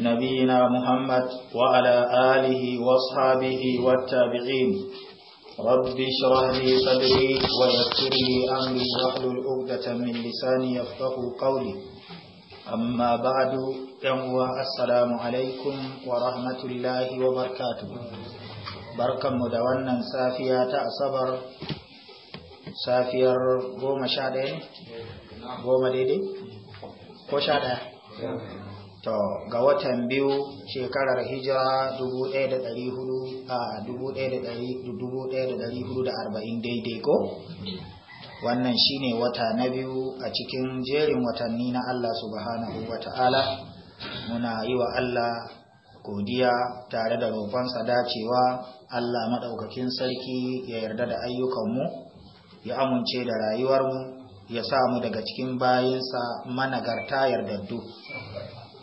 نبينا محمد وعلى آله واصحابه والتابعين رب اشرح لي صدري ويسر لي أمري واحلل عقدة من لساني يفقه قولي أما بعد يوم السلام عليكم ورحمة الله وبركاته barkan mu da wannan safiya ta asabar safiyar goma sha ɗaya goma daidai ko sha ɗaya to ga watan biyu shekarar hijira 1440 daidai ko wannan shine wata na biyu a cikin jerin watanni na Allah subhanahu ta'ala. muna yi wa Allah godiya tare da roƙonsa dacewa Allah maɗaukakin sarki ya yarda da ayyukanmu ya amince da rayuwarmu ya samu daga cikin bayinsa managarta yardaddu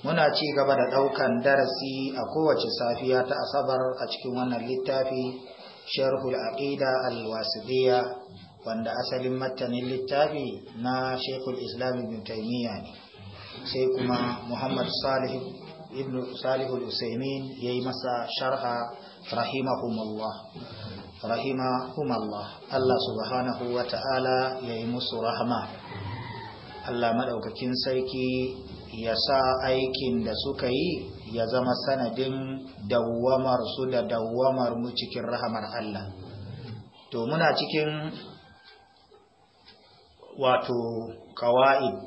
muna ci gaba da ɗaukan darasi a kowace safiya ta asabar a cikin wannan littafi sharhul aqida al wanda asalin matanin littafi na shekul islam ibn ne sai kuma muhammad salih ibn salih al yayi masa sharha rahimahumullah rahimahumallah Allah subhanahu wa ta'ala yi musu rahma Allah madaukakin sarki ya sa aikin da suka yi ya zama sanadin dawwamar su da dawwamar mu cikin rahamar Allah to muna cikin wato kawa'id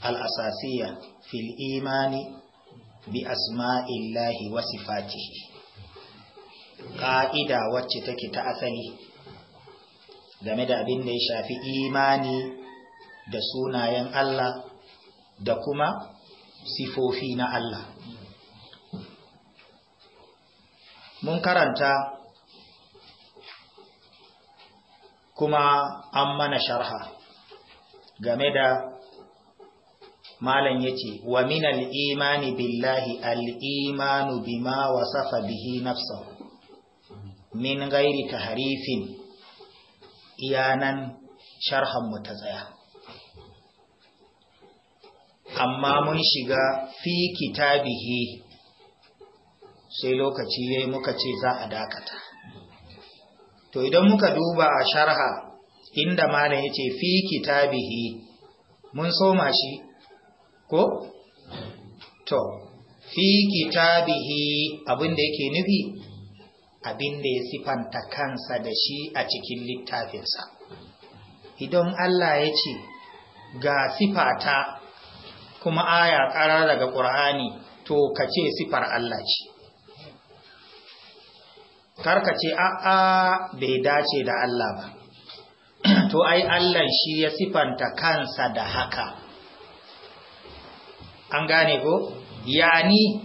al'asasiya fil imani bi asma'illahi wa sifatihi ƙa'ida wacce take ta asali game da abin da ya shafi imani da sunayen Allah da kuma sifofi na Allah mun karanta kuma an mana sharha game da malam yace wa min imani billahi al'imanu bima wasafa bihi nafsa min ghairi tahrifin iyanan sharhan mu ta tsaya amma mun shiga fi kitabihi sai lokaci yayi muka ce za a dakata to idan muka duba a sharha inda malam yace fi kitabihi mun soma shi ko to fi kitabihi abinda yake nufi abinda ya sifanta kansa da shi a cikin littafinsa idan allah ya ce ga sifata kuma aya ƙara daga ƙur'ani to ka ce sifar Allah ce karka ce a'a bai dace da Allah ba to ai Allah shi ya sifanta kansa da haka an gane ko yani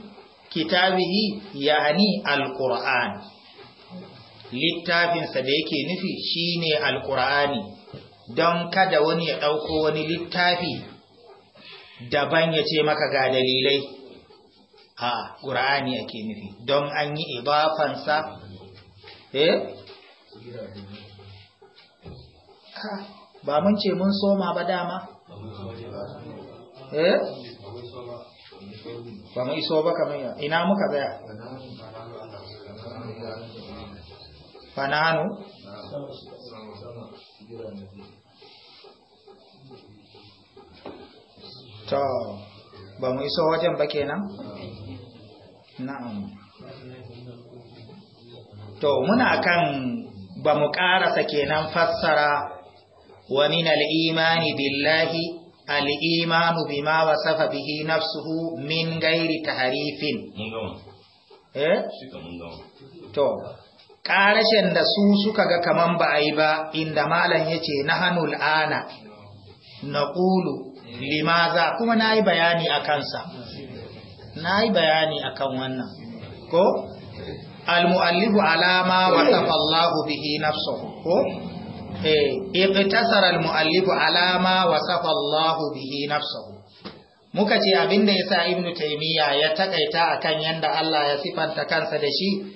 kitabihi yani alquran littafinsa da yake nufi shi ne al alqurani don kada wani ya ɗauko wani littafi daban ya ce maka ga dalilai a ƙura'ani ake nufi don an yi ibafansa eh Ha! ba mun ce mun soma ba dama eh ba mun iso ba kamar ina muka tsaya fananu to ba mu iso wajen ba kenan na'am to muna kan ba mu karasa kenan fassara wa min al-imani billahi al-imanu bima wasafa bihi nafsuhu min ghairi tahrifin eh to ƙarashen da su suka ga kaman ba a yi ba inda malam yace nahanul na naqulu limaza kuma na yi bayani a kansa na yi bayani a kan wannan ko almu'allifu alama wasafa Allahu bihi nafsahu ko eh iqtasara almu'allifu alama wasafa Allahu bihi nafsahu muka ce abinda yasa ibnu taymiya ya takaita akan yanda Allah ya sifanta kansa da shi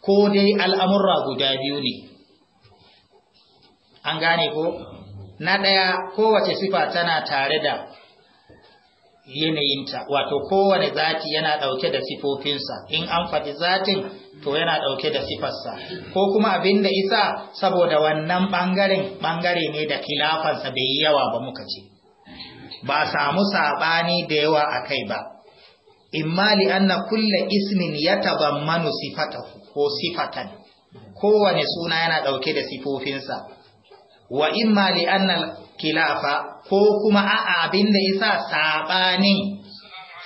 ko dai al'amurra guda biyu ne an gane ko na ɗaya kowace sifa tana tare da yanayinta wato kowane zati yana ɗauke da sifofinsa in an faɗi zatin to yana ɗauke da sifarsa ko kuma abin da isa saboda wannan ɓangaren ɓangare ne da kilafansa bai yi yawa ba muka ce ba samu saɓani da yawa a kai ba imma li anna kulle ismin ya manu sifata ko sifatan kowane suna yana ɗauke da sifofinsa wa imma li annal kilafa ko kuma a abin da yasa saɓanin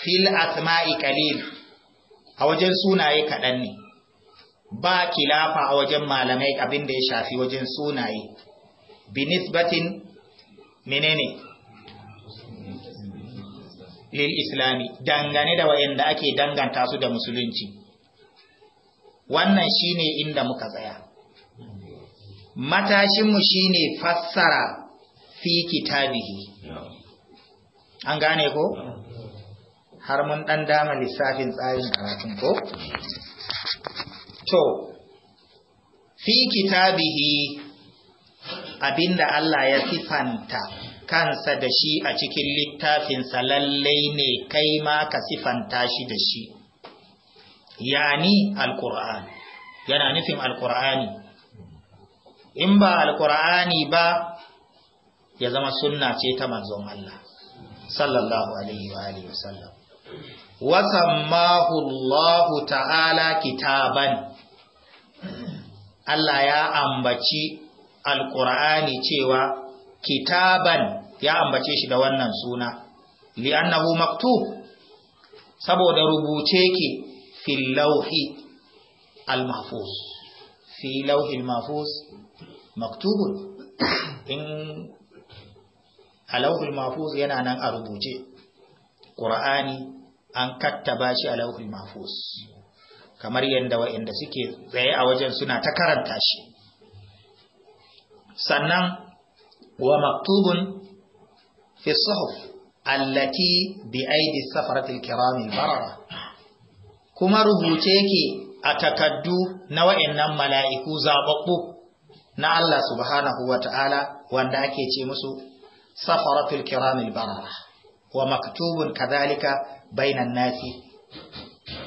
fil asma'i qalil a wajen sunaye kadan ne ba kilafa a wajen malamai abin da ya shafi wajen sunaye binisbatin menene lil islami dangane da wayanda ake danganta su da musulunci wannan shine inda muka tsaya matashinmu shine fassara fi kitabihi an gane ko har mun dan dama lissafin tsarin karatun ko to fi kitabihi abinda Allah ya sifanta kansa da shi a cikin littafinsa lallai ne kai ma ka sifanta shi da shi yani alkur'an yana nufin alkur'ani in ba alkur'ani ba ya zama sunna ce ta manzon Allah sallallahu alaihi wa alihi wasallam wa sammahu Allah ta'ala kitaban Allah ya ambaci alkur'ani cewa kitaban ya ambace shi da wannan suna li'annahu maktub saboda rubuce ki fil lawhi al mahfuz fi lawhi al mahfuz maktubun in alauhul mafuz yana nan a rubuce Qur'ani an kattaba shi alauhul mafuz kamar yadda wa'inda suke tsaye a wajen suna ta karanta shi sannan wa maktubun fi suhuf allati bi aidi safaratil kiramil barara kuma rubuce yake a takaddu na wayannan mala'iku zababbu na Allah subhanahu wa ta'ala wanda ake ce musu safaratul kiramil barara wa maktubun kazalika bainan nasi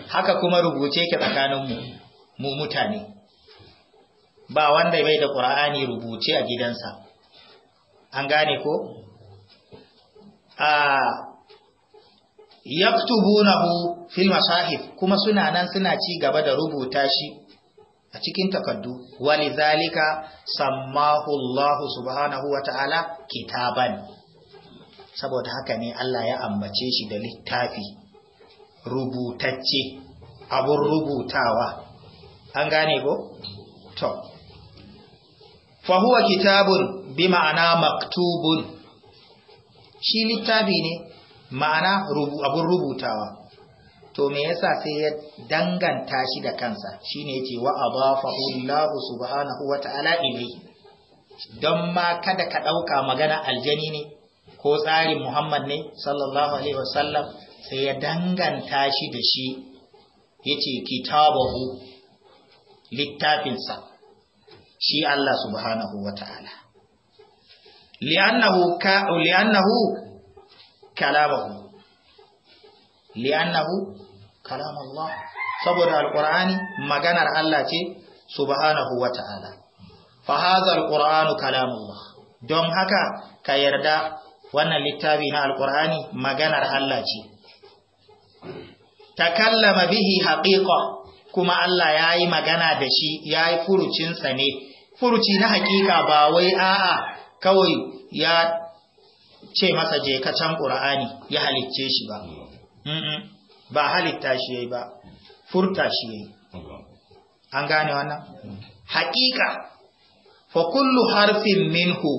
haka kuma rubuce ke tsakaninmu mu mutane ba wanda bai da ƙura'ani rubuce a gidansa an gane ko? a yaktubunahu fil masahif kuma suna nan suna ci gaba da rubuta shi a cikin takaddu walizalika sammahu Allah subhanahu wa ta'ala kitaban saboda haka ne Allah ya ambace shi da littafi rubutacce abun rubutawa an gane ko to fa huwa kitabun bi ma'ana maktubun shi littafi ne ma'ana rubu abun rubutawa to me yasa sai ya danganta shi da kansa shine yace wa adafahu Allahu subhanahu wa ta'ala ilayhi don ma kada ka dauka magana aljani ne ko tsarin Muhammad ne sallallahu alaihi wasallam sai ya danganta shi da shi yace kitabahu littafinsa shi Allah subhanahu wa ta'ala li'annahu ka li'annahu kalamahu li'annahu kalam saboda alqur'ani maganar Allah ce subhanahu wata'ala fa hadha alqur'anu kalam don haka ka yarda wannan littafi na alqur'ani maganar Allah ce takallama bihi haqiqa kuma Allah yayi magana da shi yayi furucin sa ne furuci na hakika ba wai a'a kawai ya ce masa je ka can qur'ani ya halicce shi ba ba halitta shi yayi ba furta shi yayi an gane wannan haƙiƙa fa kullu harfin minhu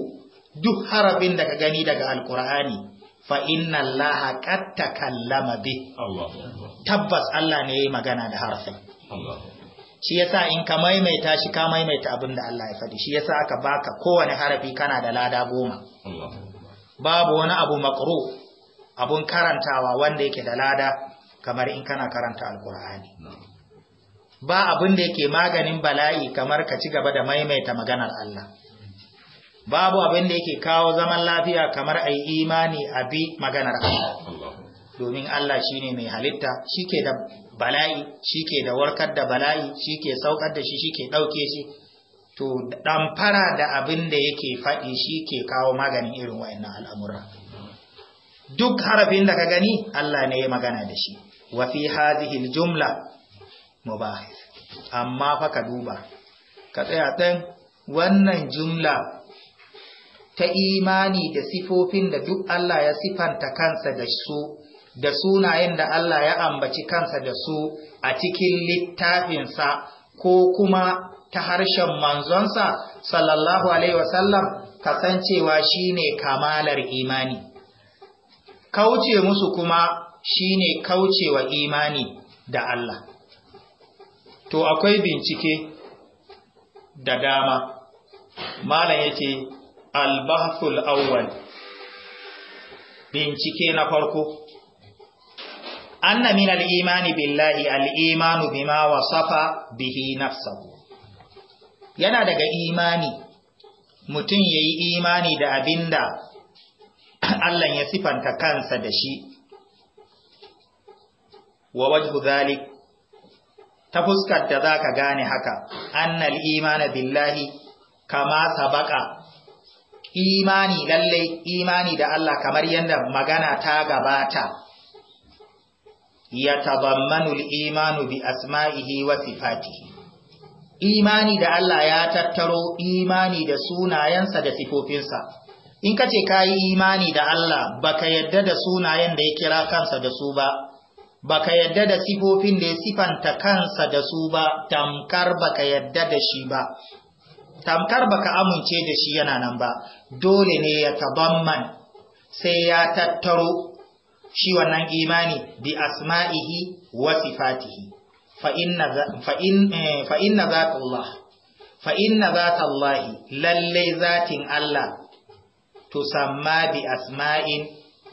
duk harabin da ka gani daga alqur'ani fa inna allaha qad takallama bi tabbas Allah ne yayi magana da harafin shi yasa in ka maimaita shi ka maimaita abin da Allah ya faɗi shi yasa aka baka kowane harafi kana da lada goma babu wani abu makro abun karantawa wanda yake da lada kamar in kana karanta alkur'ani ba abin da yake maganin bala'i kamar ka ci gaba da maimaita maganar Allah babu abin da yake kawo zaman lafiya kamar ai imani a bi maganar Allah domin Allah shine mai halitta shike da bala'i shike da warkar da bala'i shike saukar da shi shike dauke shi to damfara da abin da yake faɗi shi ke kawo maganin irin wayannan al'amura duk harafin da ka gani Allah ne ya magana da shi wa fi hadhihi aljumla mubah amma fa ka duba ka tsaya dan wannan jumla ta imani da sifofin da duk Allah ya sifanta kansa da su da sunayen da Allah ya ambaci kansa da su a cikin littafinsa ko kuma ta harshen manzonsa sallallahu alaihi wasallam kasancewa shine kamalar imani kauce musu kuma shine kaucewa imani da Allah to akwai bincike da dama malam yace al-bahthul awwal bincike na farko anna min al-imani billahi al-imanu bima wasafa bihi nafsuhu yana daga imani mutum yayi imani da abinda Allah ya sifanta kansa da shi wa wajhu zalik ta fuskar da zaka gane haka annal imana billahi kama sabaka imani lalle imani da Allah kamar yadda magana ta gabata ya tabammanul imanu bi asma'ihi wa sifatihi imani da Allah ya tattaro imani da sunayensa da sifofinsa in ka ce ka yi imani da Allah baka yadda da sunayen da ya kira kansa da su ba baka yadda da sifofin da ya sifanta kansa da su ba tamkar baka yadda da shi ba tamkar baka amince da shi yana nan ba dole ne ya tabamman sai ya tattaro shi wannan imani bi asma'ihi wa sifatihi fa’in na za eh, Allah, fa’in na za ta Allah lallai zatin Allah tusamma bi asma'in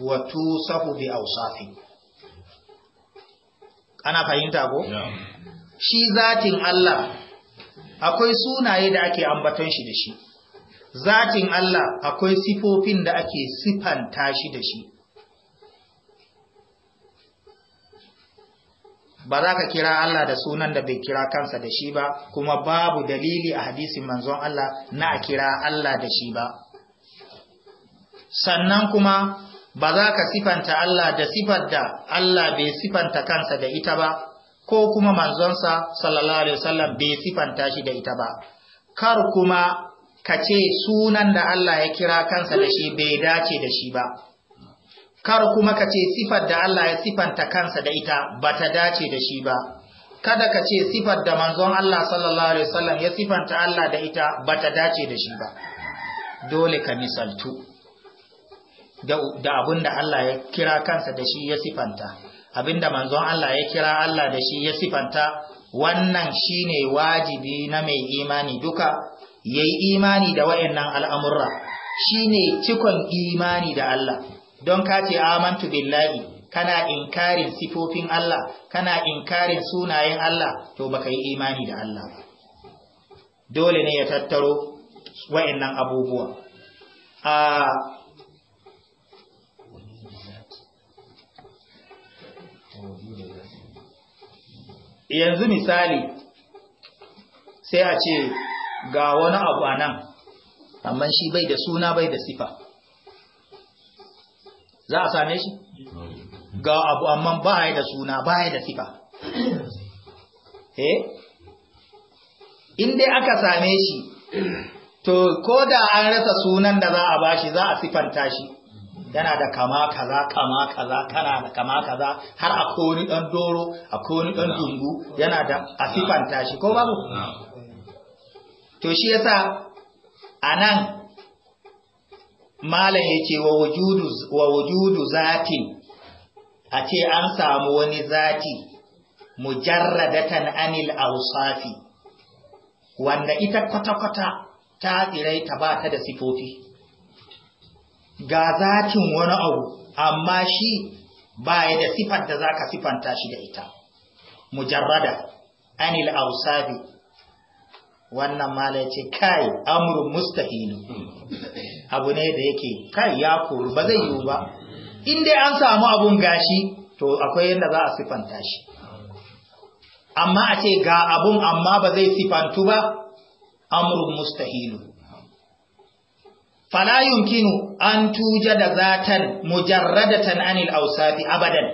wa tusafu bi awsafin ana fahimta ko shi zatin Allah akwai sunaye da ake ambaton shi da shi zatin Allah akwai sifofin da ake sifanta shi da shi ba za ka kira Allah da sunan da bai kira kansa da shi ba kuma babu dalili a hadisin manzon Allah na a kira Allah da shi ba sannan kuma ba za ka sifanta Allah da sifar da Allah bai sifanta kansa da ita ba ko kuma manzonsa sallallahu alaihi wasallam bai sifanta shi da ita ba kar kuma ka ce sunan da Allah ya kira kansa da shi bai dace da shi ba kar kuma ka ce sifar da Allah ya sifanta kansa da ita ba ta dace da shi ba kada ka ce sifar da manzon Allah sallallahu alaihi wasallam ya sifanta Allah da ita ba ta dace da shi ba dole ka misaltu da abin da Allah ya kira kansa da shi ya sifanta abin da manzon Allah ya kira Allah da shi ya sifanta wannan shine wajibi na mai imani duka yayi imani da wayannan al'amurra shine cikon imani da Allah don ka ce amantu billahi kana inkarin sifofin Allah kana inkarin sunayen Allah to baka yi imani da Allah dole ne ya tattaro wayannan abubuwa ah, yanzu misali sai a ce ga wani abu a nan amma shi bai da suna bai da sifa za a same shi ga abu amma ba ya da suna ba ya da sifa eh inda aka same shi to ko da an rasa sunan da za a bashi za a sifanta shi yana da kama kaza kama kaza kana da kama kaza har a koni dan doro a koni dan dungu yana da asifanta shi ko babu to shi yasa anan malam yake wa wujudu wa wujudu zatin a ce an samu wani zati mujarradatan anil awsafi wanda ita kwata-kwata ta tsiraita ba ta da sifofi ga zatin wani abu amma shi baya da sifar da zaka sifanta shi da ita mujarrada anil ausabi wannan mala ce, kai amrun mustahil abu ne da yake kai ya koru ba zai yiwu ba in dai an samu abun gashi to akwai yadda za a sifanta shi amma a ce ga abun amma ba zai sifantu ba amrun mustahilu fala yumkinu an da zatan mujarradatan anil awsafi abadan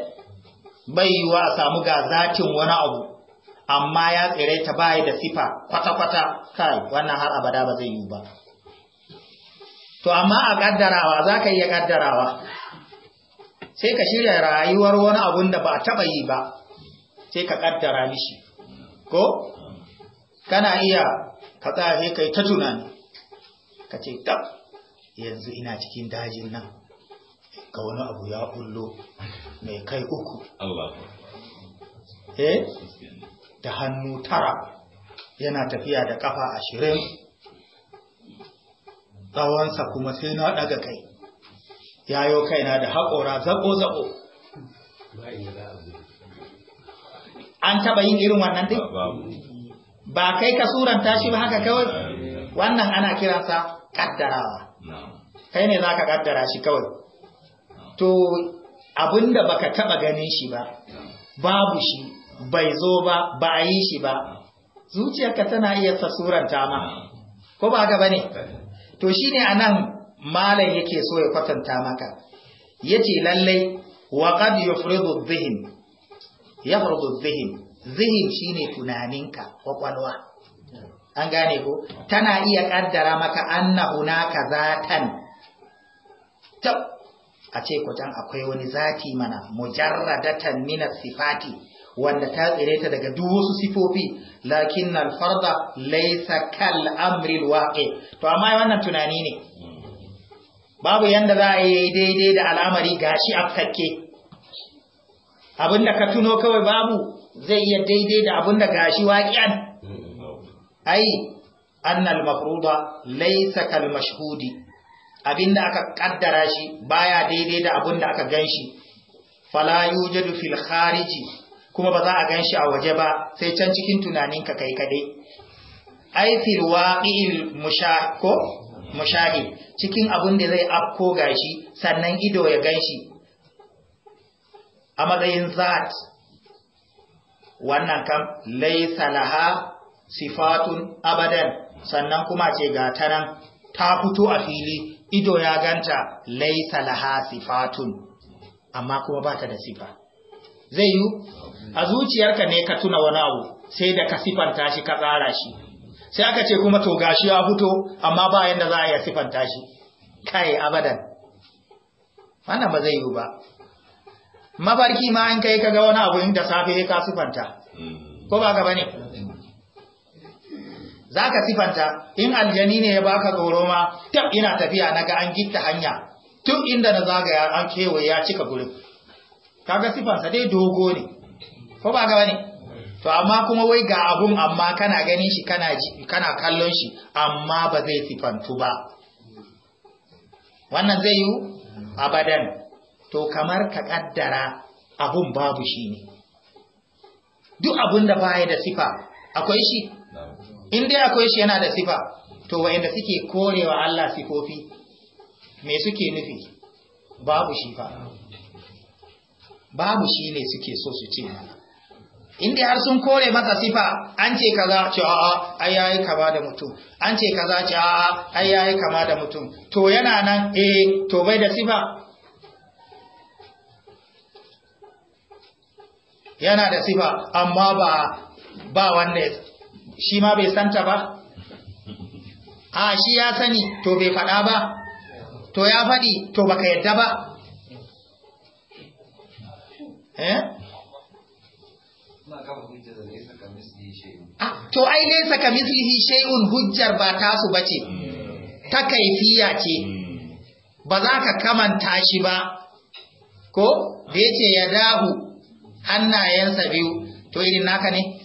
bai yiwa a samu ga zatin wani abu amma ya tsire ta bai da sifa kwata-kwata kai wannan har abada ba zai yi ba to amma a kaddarawa za ka iya kaddarawa sai ka shirya rayuwar wani abun da ba a taɓa yi ba sai ka kaddara mishi ko kana iya ka tsaya kai ta tunani ka ce tab yanzu ina cikin dajin nan ga wani abu ya kullo mai kai uku eh da hannu tara yana tafiya da kafa ashirin tsawonsa kuma sai na daga kai yayo kaina da haƙora zaƙo-zaƙo an taɓa yin irin wannan din ba kai ka suranta shi ba haka kawai wannan ana kiransa ƙaddarawa kai ne za ka kaddara shi kawai to abinda ba ka taba ganin shi ba babu shi bai zo ba ba a yi shi ba zuciyarka tana iya sasuranta ma ko ba gaba ne to shine anan malam yake so ya kwatanta maka ya ce lallai wa qad yufridu dhihin yafridu dhihin zihin shine tunaninka kwakwalwa an gane ko tana iya ƙaddara maka na ka zatan kyau a ce kutan akwai wani zati mana mujarradatan min sifati wanda ta tsire ta daga duk wasu sifofi lakin al farda laysa kal amri al waqi to amma wannan tunani ne babu yanda za a yi daidai da al'amari gashi a fakke abinda ka tuno kawai babu zai iya daidai da abinda gashi waqi'an hmm. ai annal mafruda laysa kal mashhudi Abin da aka kaddara shi baya daidai da da aka ganshi fala yujadu fil khariji kuma ba za a ganshi a waje ba sai can cikin tunaninka kai kadai ai fil waqi'il mushako ko cikin abin da zai afko gashi sannan ido ya ganshi a matsayin zat wannan kam laysa laha sifatun abadan sannan kuma ce ga tanan ta fito a fili ido ya ganta laisa laha sifatun amma kuma ba da sifa zai yi a zuciyarka ne ka tuna wani abu sai da ka sifanta shi ka tsara shi sai aka ce kuma to gashi ya fito amma ba yanda za a iya sifanta shi kai abadan wannan ba zai yi ba mafarki ma in kai ka ga wani abu inda safe ka sifanta hmm. ko ba gaba ne hmm. za ka sifanta in aljani ne ya baka tsoro ma tab ina tafiya na ga an gitta hanya tun inda na zagaya an kewaye ya cika gurin kaga sifansa dai dogo ne ko ba gaba ne to amma kuma wai ga abun amma kana ganin shi kana ji kana kallon shi amma ba zai sifantu ba wannan zai yi abadan to kamar ka kaddara abun babu shi ne duk abun da baya da sifa akwai shi in dai akwai shi yana da sifa to wa'inda suke korewa Allah sifofi me suke nufi babu shi fa babu shi ne suke so su ce in dai har sun kore masa sifa an ce kaza ce a'a ai yayi kama da mutum an ce kaza ce a'a ai yayi kama da mutum to yana nan eh to bai da sifa yana da sifa amma ba ba wanda shi ma bai santa ba a shi ya sani to bai faɗa ba to ya faɗi to baka yadda ba eh to ai nesa ka mislihi shay'un hujjar ba tasu bace hmm. ta kaifiya ce hmm. ba za ka kamanta shi ba ko da yace ya dahu hannayensa biyu to irin naka ne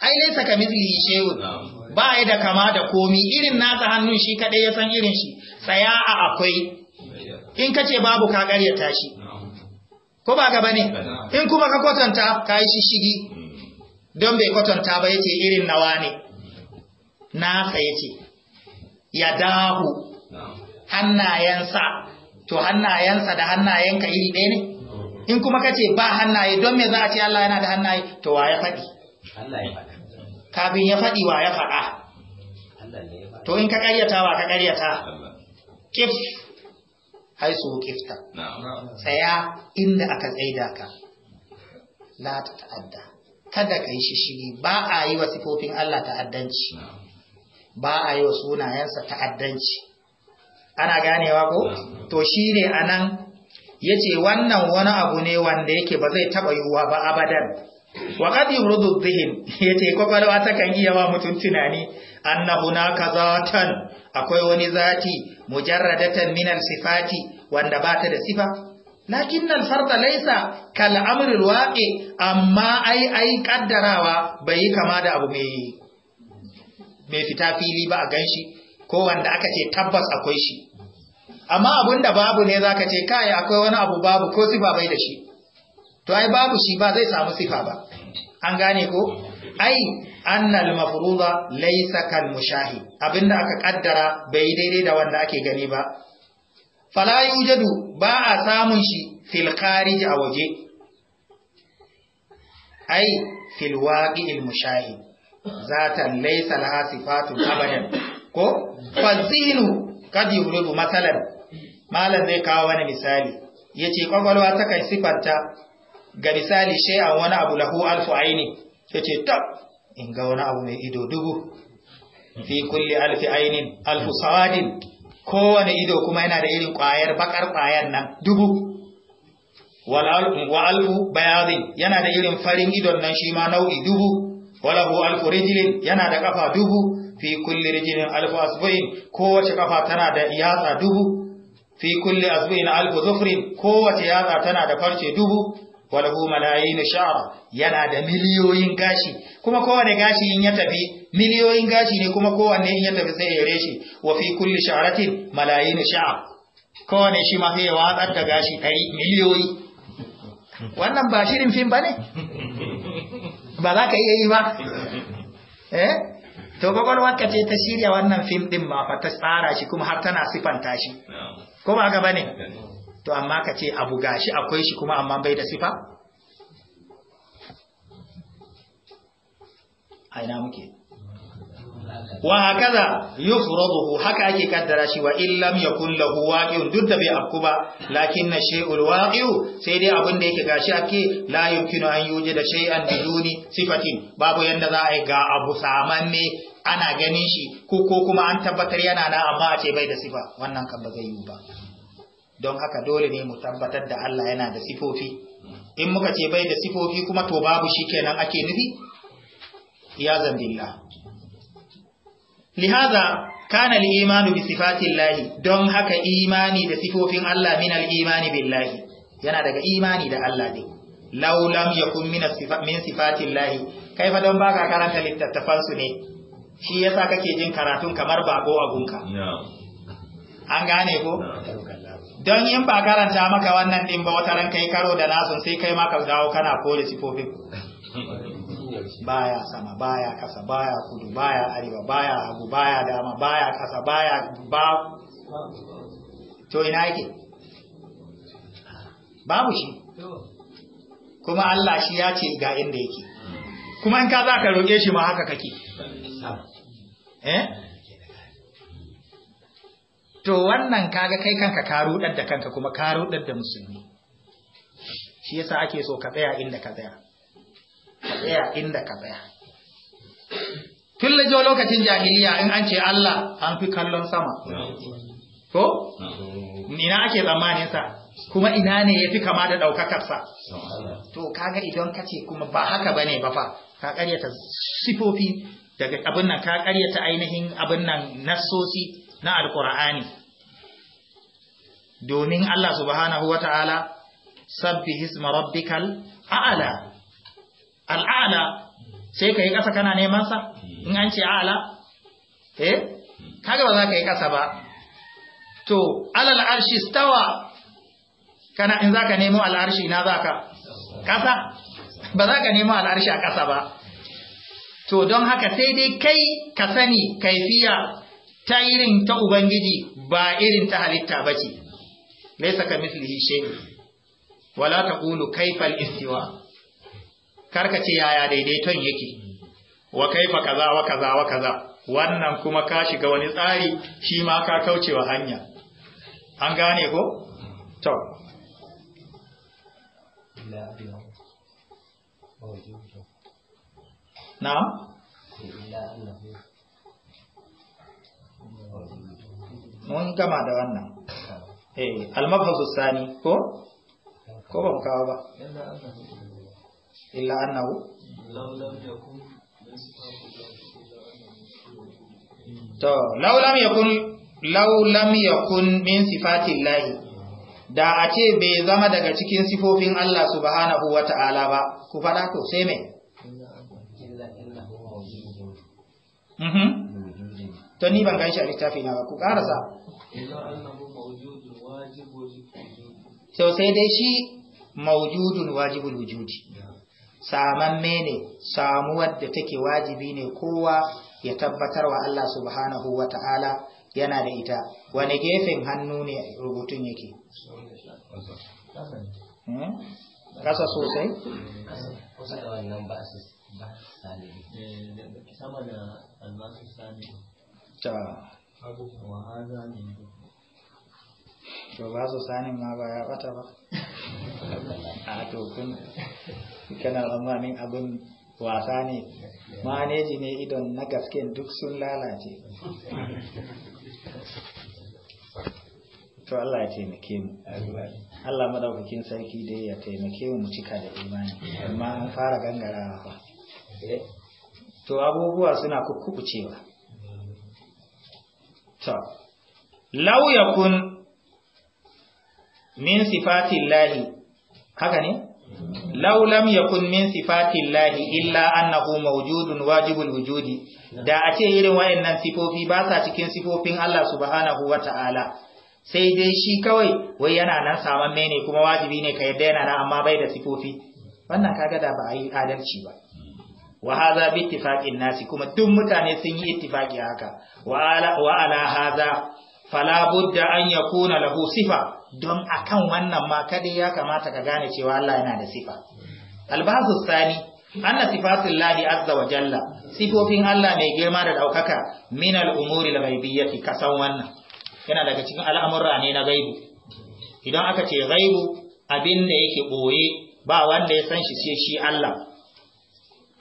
ai laisa ka mislihi shay'un ba ai da kama da komi irin nasa hannun shi kadai ya san irin shi tsaya a akwai in kace babu ka karyata shi ko ba ga bane in kuma ka kwatanta ka yi shishigi hmm. don bai kwatanta ba yace irin nawa ne nasa yace ya dahu hannayensa to hannayensa da hannayenka iri ɗaya ne in kuma kace ba hannaye don me za a ce Allah yana da hannaye to wa ya faɗi Allah ya faɗi kafin ya faɗi wa ya faɗa to in ka ƙaryata wa ka ƙaryata kif haisu kifta tsaya inda aka tsaida ka la ta ta'adda kada ka yi shishigi ba a yi wa sifofin Allah ta'addanci ba a yi wa sunayensa ta'addanci ana ganewa ko to shi ne a nan ya ce wannan wani abu ne wanda yake ba zai taɓa yiwuwa ba abadan wa kadi yurudu dhihin yace kwakwalwa ta kan iya wa mutum tunani anna hunaka zatan akwai wani zati mujarradatan min sifati wanda ba ta da sifa lakin al-farda laysa kal amri al-waqi amma ai ai kaddarawa bai kama da abu mai mai fita fili ba a ganshi ko wanda aka ce tabbas akwai shi amma abunda babu ne zaka ce kai akwai wani abu babu ko sifa bai da shi to ai babu shi ba zai samu sifa ba an gane ko ai annal mafruḍa laysa kal mushahid abinda aka kaddara bai daidai da wanda ake gani ba fala yujadu ba a samun shi fil kharij a waje ai fil al mushahid zatan laysa laha sifatu abadan ko fazinu kadi yuridu masalan malan zai kawo wani misali yace kwakwalwa ta kai sifarta ga misali a wani abu lahu alfu aini ce ta in ga wani abu mai ido dubu fi kulli alfi ainin alfu sawadin kowane ido kuma yana da irin ƙwayar bakar ƙwayar nan dubu wa alfu bayadin yana da irin farin idon nan shi ma nau'i dubu walahu alfu rijilin yana da kafa dubu fi kulli rijilin alfu asbu'in kowace kafa tana da yatsa dubu fi kulli asbu'in alfu zufrin kowace yatsa tana da farce dubu walahu malayin shara yana da miliyoyin gashi kuma kowane gashi in ya tafi miliyoyin gashi ne kuma kowanne in ya tafi sai ya reshe wa fi kulli sha'ratin malayin sha'r kowane shi ma sai ya watsar da gashi kai miliyoyi wannan ba shirin fim bane ba za ka iya yi ba eh to kwakwalwar wanka ce ta shirya wannan fim din ma fa ta tsara shi kuma har tana sifanta shi ko ba ga bane to amma ka ce abu gashi akwai shi kuma amma bai da sifa aina muke wa hakaza yufraduhu haka ake kaddara shi wa illam yakun lahu waqi'un duk da bai afku ba lakinna shay'ul waqi'u sai dai abin da yake gashi ake la yumkinu an yujida shay'an biduni sifatin babu yanda za a yi ga abu samanne ana ganin shi ko ko kuma an tabbatar yana na amma a ce bai da sifa wannan kan ba zai yi ba don haka dole ne mu tabbatar da Allah yana da sifofi in muka ce bai da sifofi kuma to babu shi kenan ake nufi ya zambilla lihaza kana al-imanu bi sifatillahi don haka imani da sifofin Allah min al-imani billahi yana daga imani da Allah ne law lam yakun min sifatillahi kai fa don baka karanta littattafan su ne shi yasa kake jin karatun kamar bako a gunka an gane ko don in ba karanta maka wannan din ba wata ranka yi karo da nasu sai kai ma dawo kana kore sifofin baya sama baya kasa baya kudu baya arewa baya hagu baya dama baya kasa baya ba to ina yake babu shi kuma Allah shi ya ce ga inda yake kuma in ka za ka roƙe shi ma haka kake eh to wannan kaga kai kanka ka rudar da kanka kuma ka rudar da musulmi shi yasa ake so ka tsaya inda ka tsaya ka tsaya inda ka tsaya tun da lokacin jahiliya in an ce Allah an fi kallon sama ko ina ake tsammanin sa kuma ina ne yafi kama da daukakar sa to kaga idan kace kuma ba haka bane ba fa ka karyata sifofi daga abin nan ka karyata ainihin abin nan nasosi na alkur'ani domin Allah subhanahu wa ta'ala sabbi hisma rabbikal a'ala al'ala sai ka yi ƙasa kana neman sa in an ce a'ala eh kaga ba za ka yi ƙasa ba to alal arshi stawa kana in za ka nemo al'arshi na za ka ƙasa ba za ka nemo al'arshi a ƙasa ba to don haka sai dai kai ka sani kaifiya ta irin ta Ubangiji ba irin ta halitta ba ce, laisa ka mislihi ne. wala taqulu kayfa al-istiwa karka ce yaya daidaiton yake wa kaifa kaza wa kaza wa kaza wannan kuma ka shiga wani tsari shi ma ka kaucewa hanya an gane ko to na'am mun gama da wannan eh almafazu sani ko ko ban kawo ba illa annahu to law lam yakun law lam yakun min sifati llahi da a ce bai zama daga cikin sifofin Allah subhanahu wata'ala ba ku fada to sai me mhm mm to ni ban ganshi a littafi na ba ku karasa to sai dai shi maujudun wajibul wujudi samamme ne samuwar da take wajibi ne kowa ya tabbatar wa Allah subhanahu wa ta'ala yana da ita wani gefen hannu ne rubutun yake kasa hmm? sosai kasa wannan ba su eh, da to ba su sanin ma ba ya bata ba a to kun kana tsammanin abin wasa ne maneji ne idon na gaske duk sun lalace to Allah ya taimake mu Allah madaukakin sarki dai ya taimake mu cika da imani amma an fara gangarawa eh? to abubuwa suna cewa. to law yakun min sifatillahi haka ne law lam yakun min illa annahu mawjudun wajibul wujudi da a ce irin wayannan sifofi ba sa cikin sifofin Allah subhanahu wataala sai dai shi kawai wai yana nan saman ne kuma wajibi ne ka yadda yana nan amma bai da sifofi wannan kaga da ba a yi adalci ba wa hadha bi ittifaqin nasi kuma duk mutane sun yi ittifaqi haka wa ala wa ala hadha fala budda an yakuna lahu sifa don akan wannan ma kada ya kamata ka gane cewa Allah yana da sifa albasu sani anna sifatul lahi azza wa jalla sifofin Allah mai girma da daukaka min al umuri al kasan wannan yana daga cikin al'amurra ne na gaibu idan aka ce gaibu abin da yake boye ba wanda ya san shi sai shi Allah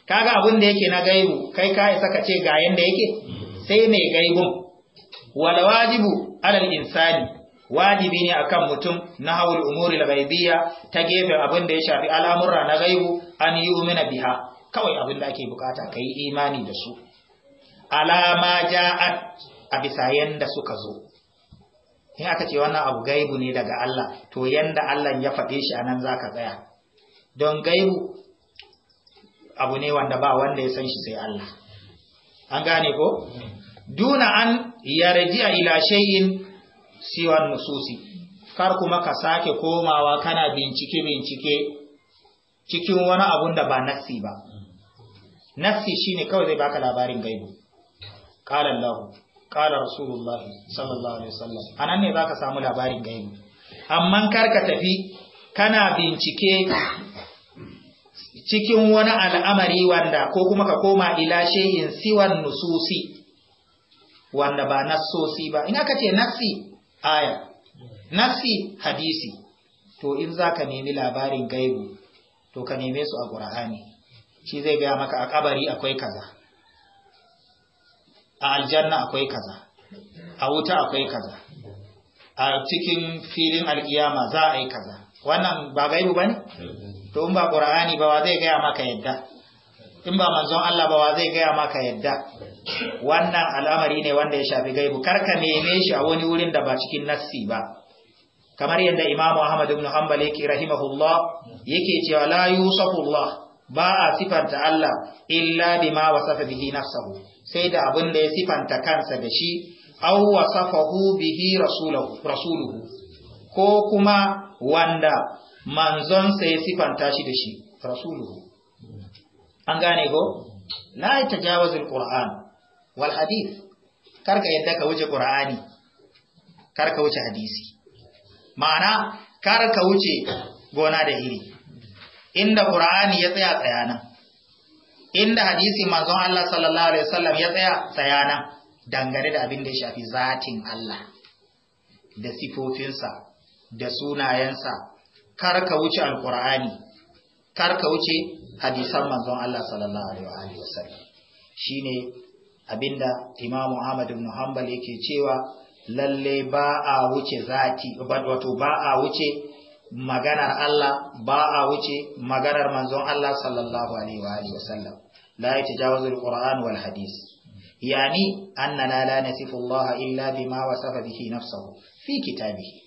kaga abin da yake na gaibu kai ka isa ka ce ga yanda yake sai mai gaibun wal wajibu alal insani wajibi ne akan mutum na hawul umuri al-ghaibiyya ta gefe abin da ya shafi al'amurra na gaibu an yu'mina biha kawai abin da ake bukata kai imani da su alama ja'at a bisa yanda suka zo in aka ce wannan abu gaibu ne daga Allah to yanda Allah ya faɗe shi anan zaka tsaya don gaibu abu ne wanda ba wanda ya san shi sai Allah an gane ko duna an yarji'a ila shay'in siwan nususi kar kuma ka sake komawa kana bincike bincike cikin wani abun da ba nassi ba nassi shine kawai zai baka labarin gaibi qala Allah qala Rasulullah sallallahu alaihi wasallam anan ne zaka samu labarin gaibi amma kar ka tafi kana bincike cikin wani al'amari wanda ko kuma ka koma ila shehin siwan nususi wanda ba nassosi ba ina ka ce nassi aya nassi hadisi to in za ka nemi labarin gaibu to ka neme su a ƙura'ani shi zai gaya maka a ƙabari akwai kaza a aljanna akwai kaza a wuta akwai kaza a cikin filin alƙiyama za a yi kaza wannan ba gaibu ba ne? to in ba qur'ani ba wa zai gaya maka yadda in ba manzon Allah ba wazai zai gaya maka yadda wannan al'amari ne wanda ya shafi gaibu karka neme shi a wani wurin da ba cikin nassi ba kamar yadda Imam Ahmad ibn Hanbal yake rahimahullah yake cewa la yusafullah ba a sifanta Allah illa bima wasafa bihi nafsuhu sai da abin da ya sifanta kansa da shi aw wasafahu bihi rasuluhu ko kuma wanda manzonsa ya sifanta shi da shi rasuluhu an gane ko la tajawazul qur'an wal hadith karka yadda ka wuce qur'ani karka wuce hadisi ma'ana karka wuce gona da iri inda qur'ani ya tsaya tsayana inda hadisi manzon Allah sallallahu alaihi wasallam ya tsaya tsayana dangane da abin da ya shafi zatin Allah da sifofinsa da sunayensa kar ka wuce Alƙur'ani, kar ka wuce hadisan manzon Allah sallallahu alaihi wa sallam shine abinda Imam Ahmad ibn Hanbal yake cewa lalle ba a wuce zati wato ba a wuce maganar Allah ba a wuce maganar manzon Allah sallallahu alaihi wa alihi wasallam la yatajawazu alquran wal hadis yani annana la nasifu Allah illa bima wasafa bihi nafsuhu fi kitabihi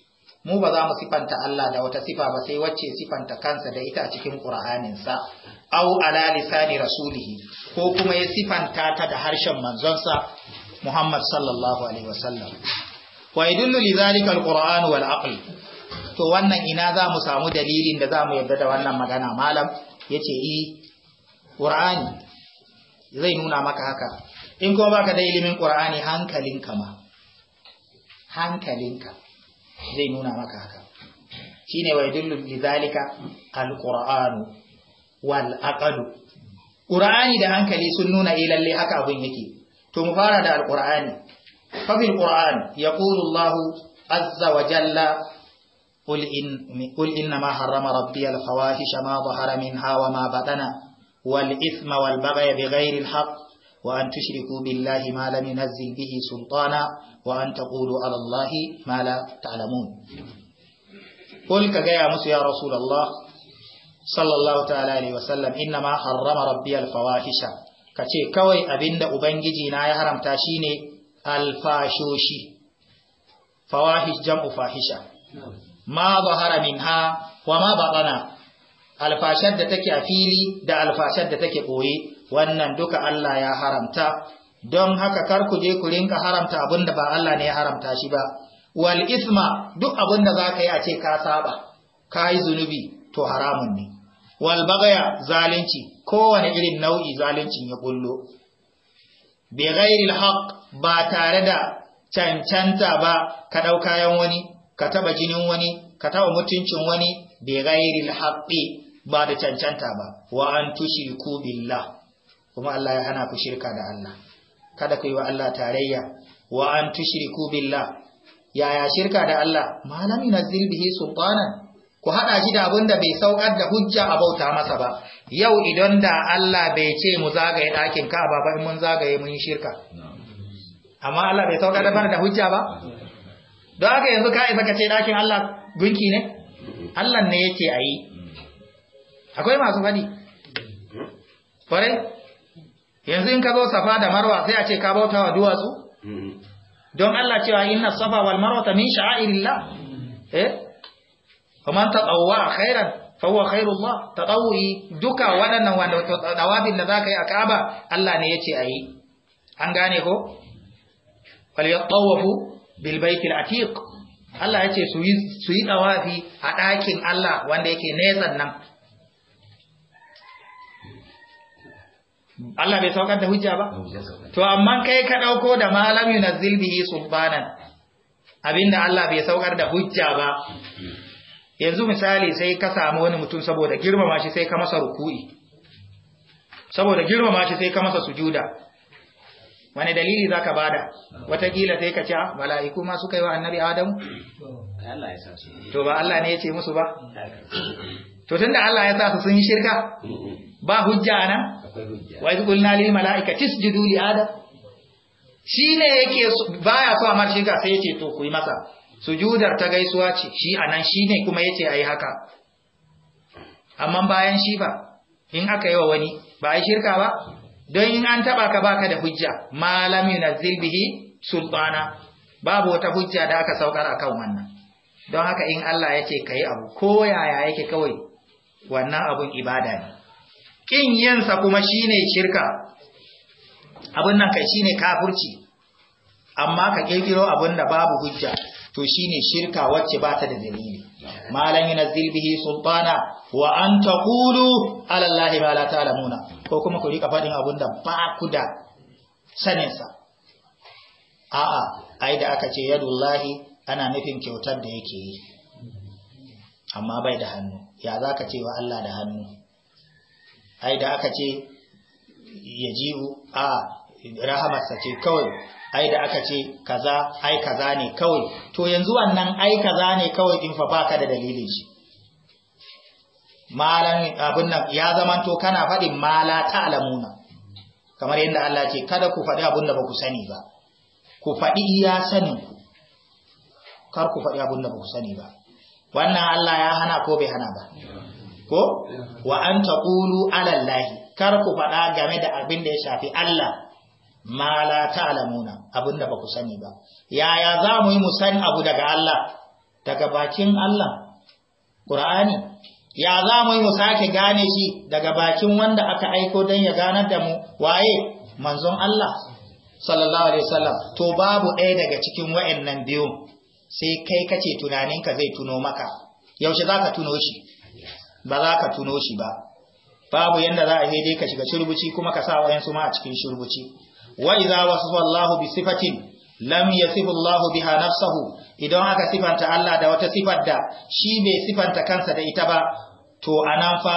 mu ba za mu sifanta Allah da wata sifa ba sai wacce sifanta kansa da ita a cikin Qur'aninsa au ala lisani rasulihi ko kuma ya sifanta ta da harshen manzonsa Muhammad sallallahu alaihi wasallam wa yadullu lidhalika Qur'an wal aql to wannan ina za mu samu dalilin da za mu yarda da wannan magana malam yace i eh, Qur'ani zai nuna maka haka in kuma baka da ilimin Qur'ani hankalinka ma hankalinka zai nuna maka haka shi ne wa idullu lizalika alkur'anu wal'aƙalu ƙura'ani da hankali sun nuna ilalle eh, haka abin yake to mu fara da alkur'ani fafin ƙura'an ya ƙulun lahu azza wa jalla ƙul'in na maharama rabbi alfawahisha ma zuhara min hawa ma batana wal'is ma walbaga ya bi gairin haƙ وأن تشركوا بالله ما لم ينزل به سلطانا وأن تقولوا على الله ما لا تعلمون قل كجاء موسى يا رسول الله صلى الله تعالى عليه وسلم إنما حرم ربي الفواحش كتي كوي أبند أبنجي نايا حرم تاشيني الفاشوشي فواحش جمع فاحشة ما ظهر منها وما بطنا alfashar da take a fili da alfashar da take koye wannan duka Allah ya haramta don haka kar ku je ku rinka haramta abinda ba Allah ne ya haramta shi ba wal isma duk abinda za ka yi a ce ka saba ka yi zunubi to haramun ne wal bagaya zalunci kowane irin nau'i zaluncin ya kullo bi ghairil haqq ba tare da cancanta ba ka ɗau kayan wani ka taba jinin wani ka taba mutuncin wani bi ghairil haqqi ba da cancanta ba wa an tushriku billah kuma Allah ya hana ku shirka da Allah kada ku yi wa Allah tarayya wa an tushriku billah yaya shirka da Allah malami nazil bihi sultana ku hada shi da abinda bai saukar da hujja a bauta masa ba yau idan da Allah bai ce mu zagaye ɗakin Ka'aba ba in mun zagaye mun yi shirka amma Allah bai saukar da bana da hujja ba don haka yanzu kai baka ce ɗakin Allah gunki ne Allah ne yake ayi akwai masu fadi kwarai yanzu in ka zo safa da marwa sai a ce ka bauta wa duwatsu mm-hmm. don Allah cewa inna safa wal marwa min sha'airillah eh kuma ta tsawwa khairan fa huwa khairullah duka waɗannan wanda dawabin da zaka yi a Ka'aba Allah ne yace ayi an gane ko wal yatawafu bil baitil atiq Allah yace ce su yi tsawafi a ɗakin Allah wanda yake nesa nan Allah bai saukar da hujja ba to amma kai ka dauko da malam yunazzil bihi subhanan abinda Allah bai saukar da hujja ba yanzu misali sai ka samu wani mutum saboda girmama shi sai ka masa ruku'i saboda girmama shi sai ka masa sujuda wani dalili zaka bada watakila sai ka ce ah, mala'iku ma suka yi wa annabi adamu to ba Allah ne ya ce musu ba to tunda Allah ya sa su sun yi shirka ba hujja na wa idh qulna lil mala'ika tisjudu li adam shine yake baya so shi shirka sai yace to ku yi masa sujudar ta gaisuwa ce shi anan shine kuma yace ayi haka amma bayan shi ba in aka yi wa wani ba ai shirka ba don in an taba ka baka da hujja malam yunzil bihi sultana babu wata hujja da aka saukar akan wannan don haka in Allah yace kai abu ko yaya yake kawai wannan abun ibada ne ƙin yansa kuma shine shirka abin nan kai shine kafurci amma ka ƙirƙiro abin da babu hujja to shine shirka wacce ba ta da dalili malam na bihi sultana wa an taqulu ala allahi ma la ta'lamuna ko kuma ku rika fadin abin da ba ku da saninsa. a'a ai da aka ce yadullahi ana nufin kyautar da yake yi amma bai da hannu ya zaka ce wa Allah da hannu ai da aka ce ya jihu a rahamarsa ce kawai ai da aka ce kaza ai kaza ne kawai to yanzu wannan ai kaza ne kawai din fa baka da dalilin shi malan abin nan ya zamanto kana faɗin mala ta alamuna kamar yadda Allah ce kada ku faɗi abin da ba ku sani ba ku faɗi iya sanin kar ku faɗi abin da ba sani ba wannan Allah ya hana ko bai hana ba ko wa an taqulu ala kar ku faɗa game da abin da ya shafi Allah ma la ta'lamuna abin da ba ku sani ba yaya za mu yi mu san abu daga Allah daga bakin Allah Qur'ani ya za mu yi mu sake gane shi daga bakin wanda aka aiko don ya ganar da mu waye manzon Allah sallallahu alaihi wasallam to babu ɗaya daga cikin wa'annan biyu sai kai kace tunaninka zai tuno maka yaushe zaka tuno shi ba za ka tuno shi ba babu yanda za a yi dai ka shiga shirbuci kuma ka sa wayansu ma a cikin shirbuci wa idza wasafa Allahu bi sifatin lam yasifu Allahu biha nafsahu idan aka sifanta Allah da wata sifar da shi bai sifanta kansa da ita ba to anan fa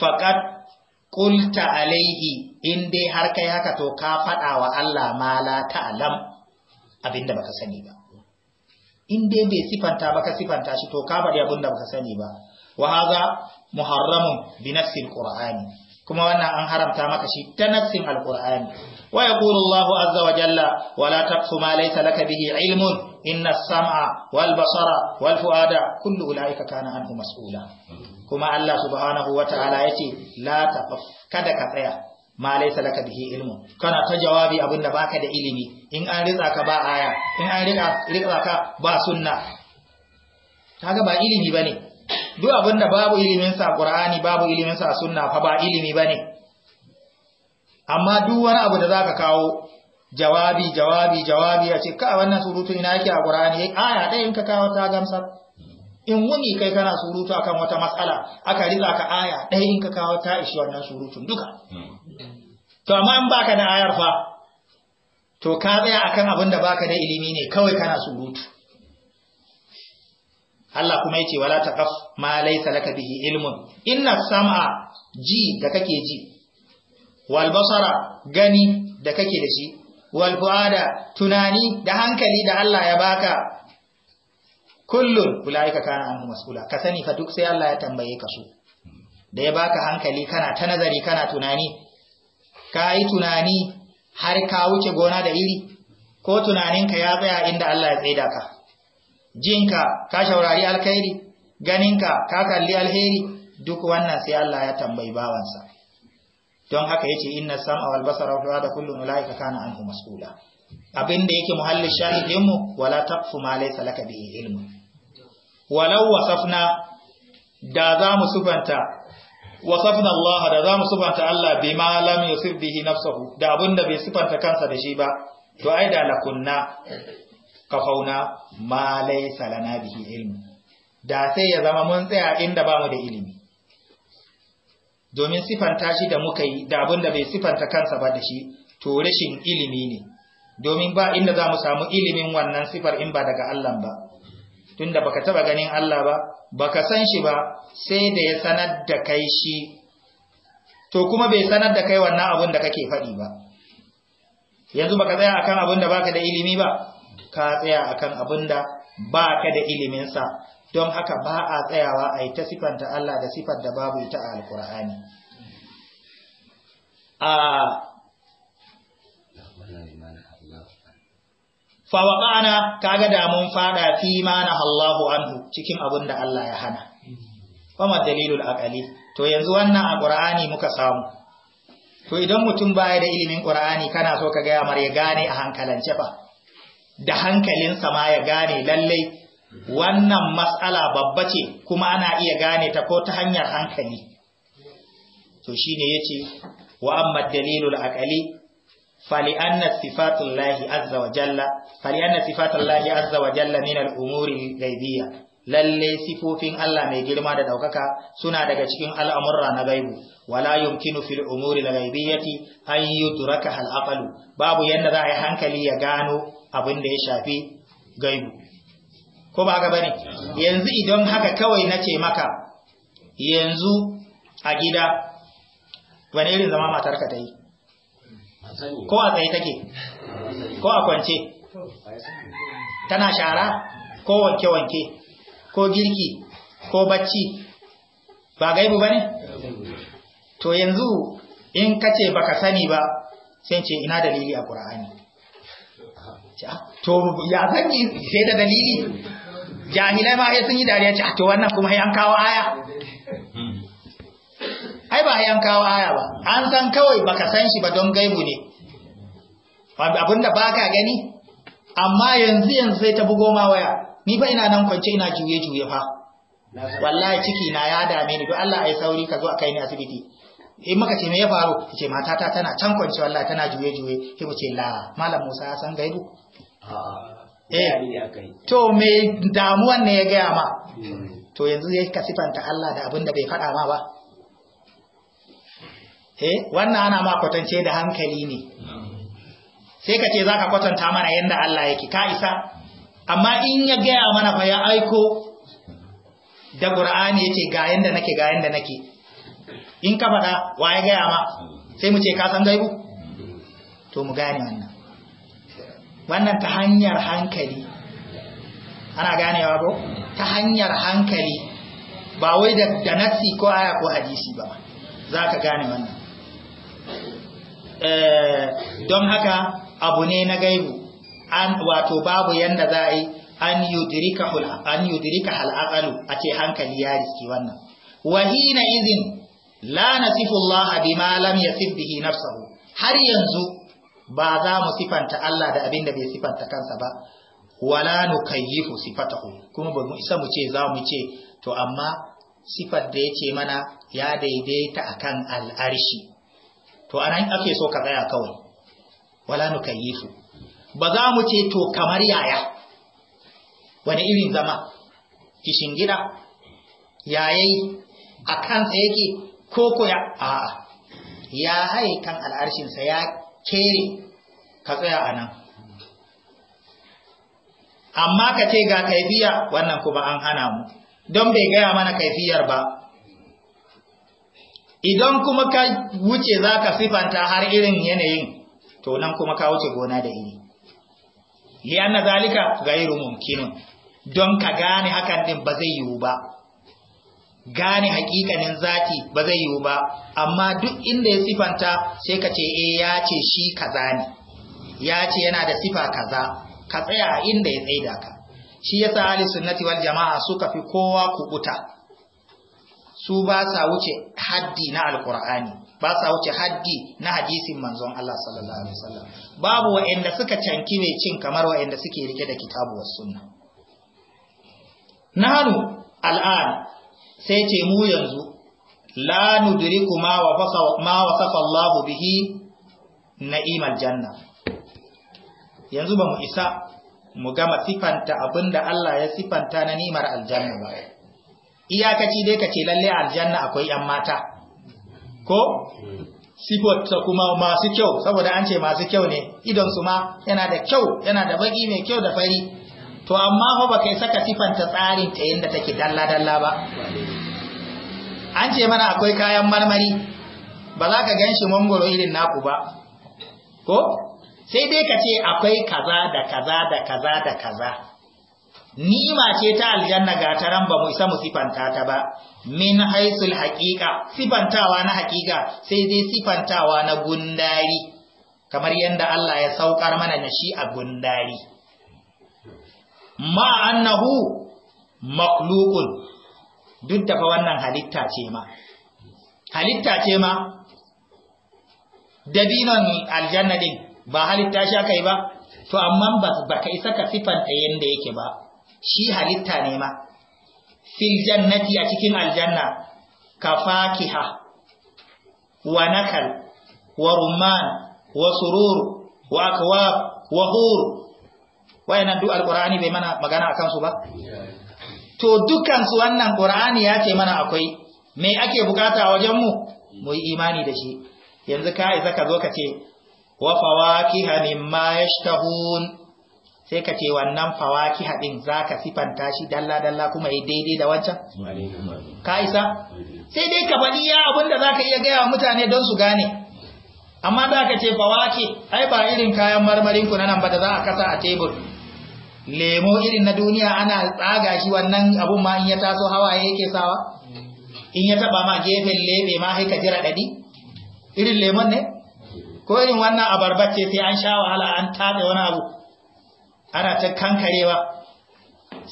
faqad qulta alaihi in dai har kai haka to ka fada wa Allah ma la ta'lam abinda baka sani ba in dai bai sifanta baka sifanta shi to ka fadi abinda baka sani ba Wahaza hadha muharramun bi nafsil qur'ani kuma wannan an haramta maka shi ta nafsin alqur'ani wa yaqulu Allahu azza wa jalla wa la taqfu bihi ilmun inna as-sam'a wal basara wal fuada kullu ulaika kana anhu mas'ula kuma Allah subhanahu wa yace la taqaf kada ka tsaya ma laisa laka bihi ilmu kana ta jawabi abinda baka da ilimi in an ritsa ka ba aya in an ritsa ka ba sunna kaga ba ilimi bane duk abin babu iliminsa a ƙur'ani babu iliminsa a sunna fa ba ilimi ba amma duk wani abu da za ka kawo jawabi jawabi jawabi a ce ka wannan surutu ina yake a ƙur'ani ya eh, aya ɗaya in ka kawo ta gamsar in wuni kai kana surutu akan wata matsala aka riza ka aya ɗaya in ka kawo ta ishi wannan surutun duka to amma in baka da ayar fa to ka tsaya akan abin da baka da ilimi ne kawai kana surutu Allah kuma yace wala taqaf ma laysa laka bihi ilmun inna sam'a ji da kake ji wal basara gani da kake da shi wal fuada tunani da hankali da Allah ya baka kullun ulaika kana an mas'ula ka sani fa duk sai Allah ya tambaye ka su da ya baka hankali kana ta nazari kana tunani ka tunani har ka wuce gona da iri ko tunaninka ya tsaya inda Allah ya tsaida ka jinka ka shaurari alkhairi ganinka ka kalli alheri duk wannan sai Allah ya tambayi bawansa don haka yace inna sam'a wal basara wa da kullun malaika kana anhu mas'ula abinda yake muhallin shahidin mu wala taqfu ma laysa laka bihi ilmu walau wasafna da za mu sufanta wasafna Allah da za mu sufanta Allah bima lam yusif bihi nafsuhu da abinda bai sufanta kansa da shi ba to ai da lakunna kafauna ma laysa lana bihi ilmu da sai ya zama mun tsaya inda bamu da ilimi domin sifanta shi da muka yi da abin da bai sifanta kansa ba da shi to rashin ilimi ne domin ba inda za mu samu ilimin wannan sifar in ba daga Allah ba tunda baka taba ganin Allah ba baka san shi ba sai da ya sanar da kai shi to kuma bai sanar da kai wannan abin da kake faɗi ba yanzu baka tsaya akan abin da baka da ilimi ba ka tsaya akan abin da ba ka da iliminsa don haka ba a tsayawa a yi ta Allah da sifar da babu ita a alkur'ani a fawaƙana kaga da mun fada fi mana Allahu anhu cikin abin da Allah ya hana kuma dalilul aqali to yanzu wannan a ƙur'ani muka samu to idan mutum baya da ilimin ƙur'ani kana so ka gaya mar ya gane a hankalance ba da hankalinsa ma ya gane lallai wannan matsala babba ce kuma ana iya gane ta ko ta hanyar hankali to shine yace wa amma dalilul akali فلأن صفات الله عز وجل فلأن صفات الله عز وجل sifofin Allah mai girma da ɗaukaka suna daga cikin al'amurra na gaibu wala yumkinu fil umuri da an yi duraka hal'aƙalu babu yadda za a yi hankali ya gano abin da ya shafi gaibu ko ba ga bane yanzu idan haka kawai na ce maka yanzu a gida wani irin zama matarka ta yi ko a tsaye take ko a kwance tana shara ko wanke-wanke ko girki ko bacci ba gaibu ba to yanzu in kace baka sani ba sai ce ina dalili a ƙur'ani. to ya san sai da dalili jahilai ma sun yi dariya ce ah, a to wannan kuma yan kawo aya ai ba yan kawo aya ba an san kawai baka san shi ba don gaibu ne abinda baka gani amma yanzu yanzu sai ta bugo ma waya ni fa ina nan kwance ina juye juye fa wallahi ciki na ya dame ni don Allah ai sauri ka zo a kai ni asibiti in muka ce me ya faru ce matata tana can kwance wallahi tana juye juye sai mu ce la malam Musa ya san gaibu Eh, to me damuwan ne ya gaya ma hmm. to yanzu ya kasifanta Allah da abin da bai faɗa ma ba eh wannan ana ma kwatance da hankali ne sai ka ce za ka kwatanta mana yadda Allah yake ka isa amma in ya gaya mana fa ya aiko da ƙura'ani ya ce ga yadda nake ga yadda nake in ka faɗa wa ya gaya ma sai mu ce ka san gaibu to mu gane wannan wannan ta hanyar hankali ana ganewa ko ta hanyar hankali ba wai da nassi ko aya ko hadisi ba za ka gane wannan eh, don haka abu ne na gaibu an wato babu yanda za a yi an yudirika hal'aƙalu a ce hankali ya riski wannan wahina izin la nasifu Allah bima lam yasif bihi nafsahu har yanzu ba za mu sifanta Allah da abin da bai sifanta kansa ba wala nukayyifu sifatahu kuma ba mu isa mu ce za mu ce to amma sifar da ce mana ya daidaita akan al'arshi to anan ake so ka tsaya kawai wala nukayyifu ba za mu ce to kamar yaya wani irin zama kishin gida yayayi a kansa yake ko koya a'a ya haye kan al'arshinsa ya kere ka tsaya a nan amma ka ce ga kaifiya wannan kuma an hana mu don bai gaya mana kaifiyar ba idan kuma ka wuce za ka sifanta har irin yanayin to nan kuma ka wuce gona da iri liyan na zalika gairu mumkinun don ka gane hakan din ba zai yiwu ba gane hakikanin zati ba zai yiwu ba amma duk inda ya sifanta sai ka ce eh ya ce shi kaza ne ya ce yana da sifa kaza ka tsaya a inda ya da ka shi yasa ahli sunnati wal jama'a suka fi kowa kubuta su ba sa wuce haddi na alqur'ani ba sa wuce haddi na hadisin manzon Allah sallallahu alaihi wasallam babu wanda suka canki mai cin kamar wanda suke rike da kitabu was sunna nahnu al'an sai ce mu yanzu la nudriku ma wa safa Allahu bihi na'imal janna yanzu ba mu isa mu gama sifanta abinda Allah ya sifanta na nimar aljanna ba iyakaci dai kace lalle aljanna akwai yan mata ko ta kuma masu kyau saboda an ce masu kyau ne idan su ma yana da kyau yana da baki mai kyau da fari to amma fa baka saka sifanta tsarin ta yanda take dalla dalla ba an ce mana akwai kayan marmari ba za ka gan shi mangoro irin naku ba ko sai dai ka ce akwai kaza da kaza da kaza da kaza ma ce ta aljanna ga taran ba mu isa mu sifanta ta ba min haisul haqiqa sifantawa na haqiqa sai dai sifantawa na gundari kamar yanda Allah ya saukar mana na shi a gundari ma annahu makhluqun duk da fa wannan halitta ce ma halitta ce ma dabinon aljanna din ba halitta sha aka yi ba to amma ba ka isa ka sifanta yanda yake ba shi halitta ne ma fil jannati a cikin aljanna ka fakiha wa nakal wa rumman wa surur wa akwab wa hur wayannan duk alqur'ani bai mana magana akan su ba to dukansu wannan ƙur'ani ya ce mana akwai me ake bukata wajen mu mu yi imani da shi yanzu ka isa ka zo ka ce wa fawakiha mimma yashtahun sai ka ce wannan fawaki haɗin za sifanta shi dalla-dalla kuma yi daidai da wancan? Ka isa? Sai dai ka faɗi ya abinda za ka iya gaya wa mutane don su gane. Amma za ka ce fawaki, ai ba irin kayan marmarin ku nan ba da za a kasa a tebur. lemo irin na duniya ana tsaga shi wannan abun ma in ya taso hawaye yake sawa in ya taba ma gefen lebe ma haika jira dadi irin lemon ne ko irin wannan abarba ce sai an sha wahala an tada wani abu ana ta kankarewa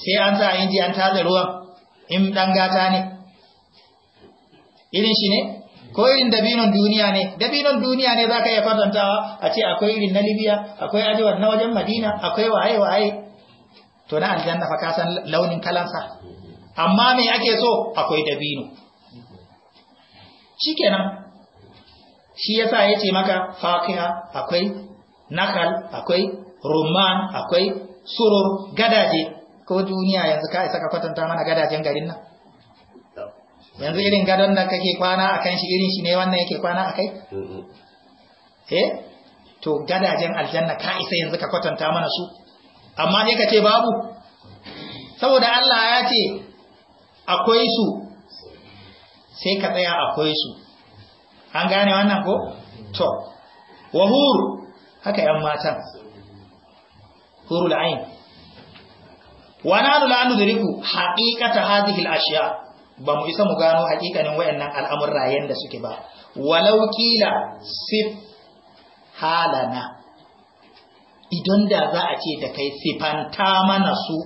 sai an sa inji an tada ruwan in ɗan gata ne irin shi ne ko irin dabinon duniya ne dabinon duniya ne za ka iya kwatantawa a ce akwai irin na Libya akwai ajiyar na wajen Madina akwai waye waye to na aljanna fa ka san launin kalansa amma me ake so akwai dabino shikenan shi yasa yace maka faqiha akwai nakal akwai rumman akwai surur gadaje ko duniya yanzu ka isa ka kwatanta mana gadajen garin nan yanzu irin gadon da kake kwana akan shi irin shi ne wannan yake kwana akai eh to gadajen aljanna ka isa yanzu ka kwatanta mana su amma ne ka ce babu saboda Allah ya ce akwai su sai ka tsaya akwai su an gane wannan ko to wahur haka yan matan hurul ain wa nanu la nudriku haqiqata hadhihi al-ashya ba mu isa mu gano haƙiƙanin wayannan al'amurra yanda suke ba walau kila sif halana idan da za a ce da kai sifanta mana su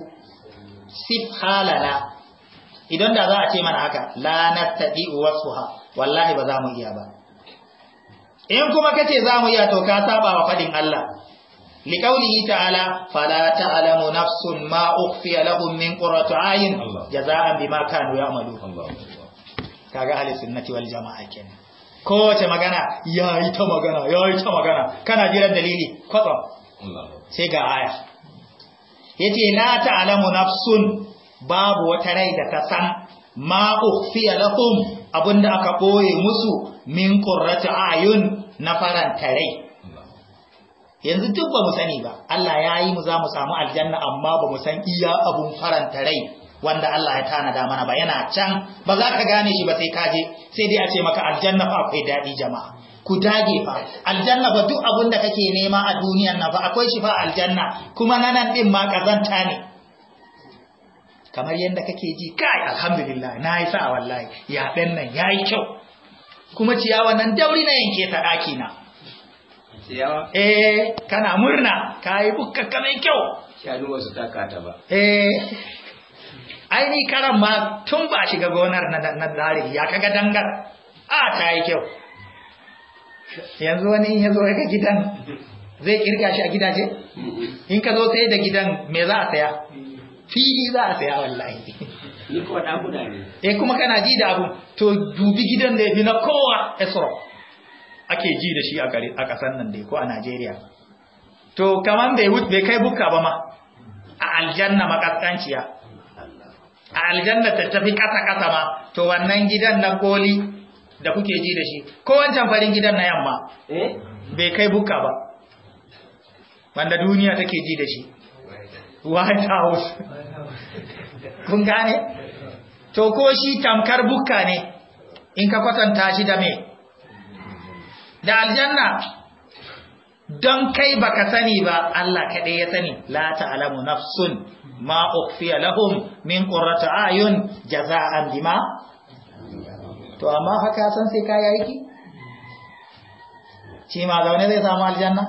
sif halala. idan da za a ce mana haka la wasu ha, wallahi ba za mu iya ba in kuma kace za mu iya to ka saba wa fadin Allah liqaulihi ta'ala fala ta'lamu nafsun ma ukhfiya lahum min qurratu ayn jazaan bima kanu ya'malu kaga ahli sunnati wal jamaa kenan kowace magana yayi ta magana yayi ta magana kana jiran dalili kwatsam sai ga aya yace la ta'lamu nafsun babu wata rai da ta san ma ukhfiya lahum abinda aka boye musu min qurrati ayun na faranta rai yanzu duk ba mu sani ba Allah ya yi mu za mu samu aljanna amma ba mu san iya abun faranta rai wanda Allah ya da mana ba yana can ba za ka gane shi ba sai kaje, sai dai a ce maka aljanna fa akwai daɗi jama'a ku dage fa aljanna ba duk abin da kake nema a duniyan nan ba. akwai shi fa aljanna kuma nanan din ma kazanta ne kamar yadda kake ji kai alhamdulillah na yi sa wallahi ya ɗan nan ya kyau kuma ciyawa nan dauri na yanke ta daki na ciyawa eh kana murna ka yi bukkakka kyau wasu taka ta ba eh aini karan ma tun ba shiga gonar na na ya kaga dangar a ta yi kyau yanzu wani in ya zo ga gidan zai kirga shi a gidaje in ka zo sai da gidan me za a saya fili za a saya wallahi ni kuma da guda ne eh kuma kana ji da abu to dubi gidan da yafi na kowa esro ake ji da shi a gari a kasan nan dai ko a Najeriya to kaman bai bai kai bukka ba ma a aljanna makaskanciya a aljanna ta tafi kasa kasa ma to wannan gidan na koli da kuke ji da shi ko wancan farin gidan na yamma eh? bai kai buka ba wanda duniya take ji da shi white house kun gane to ko shi tamkar buka ne in ka kwatanta shi da me da aljanna don kai baka sani ba Allah kaɗai ya sani la ta'lamu nafsun ma ukhfiya lahum min qurrati ayun jaza'an bima to amma haka san sai ka yi aiki shi ma zai samu aljanna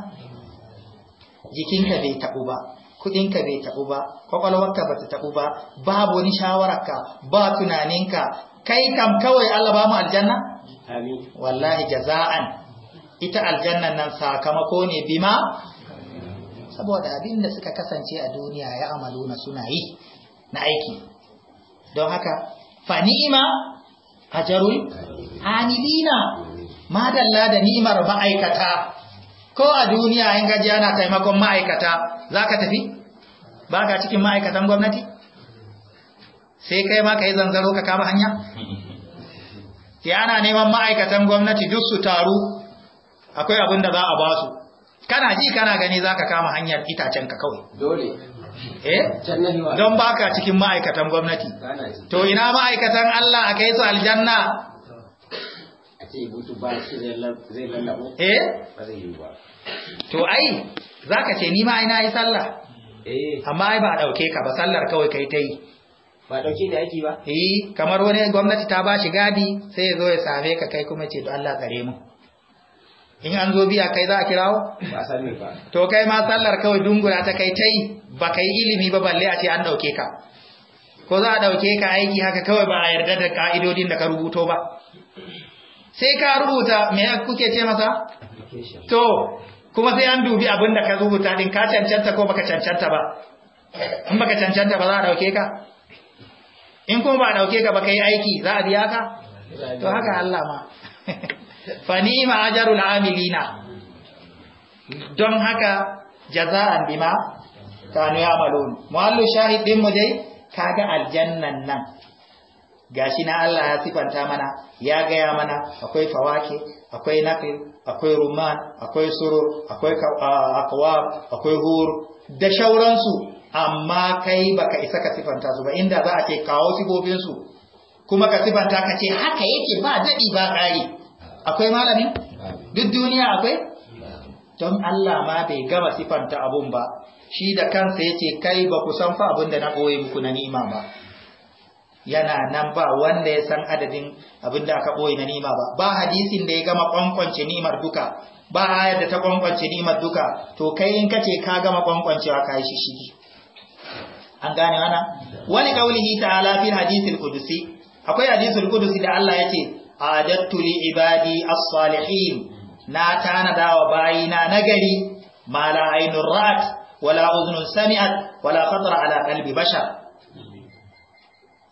jikinka bai taɓu ba kuɗinka bai taɓu ba kwakwalwarka ba ta taɓu ba babu wani shawararka ba tunaninka kai kam kawai Allah ba mu aljanna wallahi jaza'an ita aljannan nan sakamako ne bima saboda abin da suka kasance a duniya ya amalu suna yi na aiki don haka fa ni'ima hajarul amilina madalla da nimar ma'aikata ko a duniya in gaji na taimakon ma'aikata za ka tafi ba ka cikin ma'aikatan gwamnati sai kai ma ka zanzaro ka kama hanya ya ana neman ma'aikatan gwamnati duk su taru akwai abin da za a ba su kana ji kana gani za ka kama hanyar itacenka kawai dole Eh? Don ba ka cikin ma'aikatan gwamnati to ina ma'aikatan Allah a kai su aljanna a ce butu ba shi zai lallabo eh ba zai yi ba to ai ka ce ni ma ina yi sallah eh amma ai ba dauke ka ba sallar kawai kai ta yi ba dauke da yaki ba eh kamar wani gwamnati ta ba shi gadi sai ya zo ya same ka kai kuma ce to Allah tsare mu in an zo biya kai za a kirawo ba sani ba to kai ma sallar kawai dungura ta kai tai ba kai ilimi ba balle a ce an dauke ka ko za a dauke ka aiki haka kawai ba a yarda da ka'idodin da ka rubuto ba sai ka rubuta me kuke ce masa to kuma sai an dubi abin da ka rubuta din ka cancanta ko baka cancanta ba in baka cancanta ba za a dauke ka in kuma ba a dauke ka ba kai aiki za a biya ka to haka Allah ma Fani ajarul amilina don haka jaza'an bima kanu ya'malun muallu shahid din mu dai kaga aljannan nan gashi na Allah ya sifanta mana ya gaya mana akwai fawake akwai naqi akwai rumman akwai surur akwai akwab akwai hur da shauransu amma kai baka isa ka sifanta su ba inda za a ce kawo sifofin kuma ka sifanta ka ce haka yake ba daɗi ba ƙari. akwai malami? duk duniya akwai don Allah ma bai gama sifanta abun ba shi da kansa yace kai ba ku san fa abin da na koyi muku na nima ba yana nan ba wanda ya san adadin abin da aka boye na nima ba ba hadisin da ya gama kwankwance nimar duka ba ayar da ta kwankwance nimar duka to kai in kace ka gama kwankwancewa kai shi shi an gane wannan wani kaulihi ta'ala fil hadisul qudusi akwai hadisul qudusi da Allah yace adattu li ibadi as-salihin na tanada wa bayina nagari ma la ainur ra'at wala udhun sami'at khatara ala qalbi bashar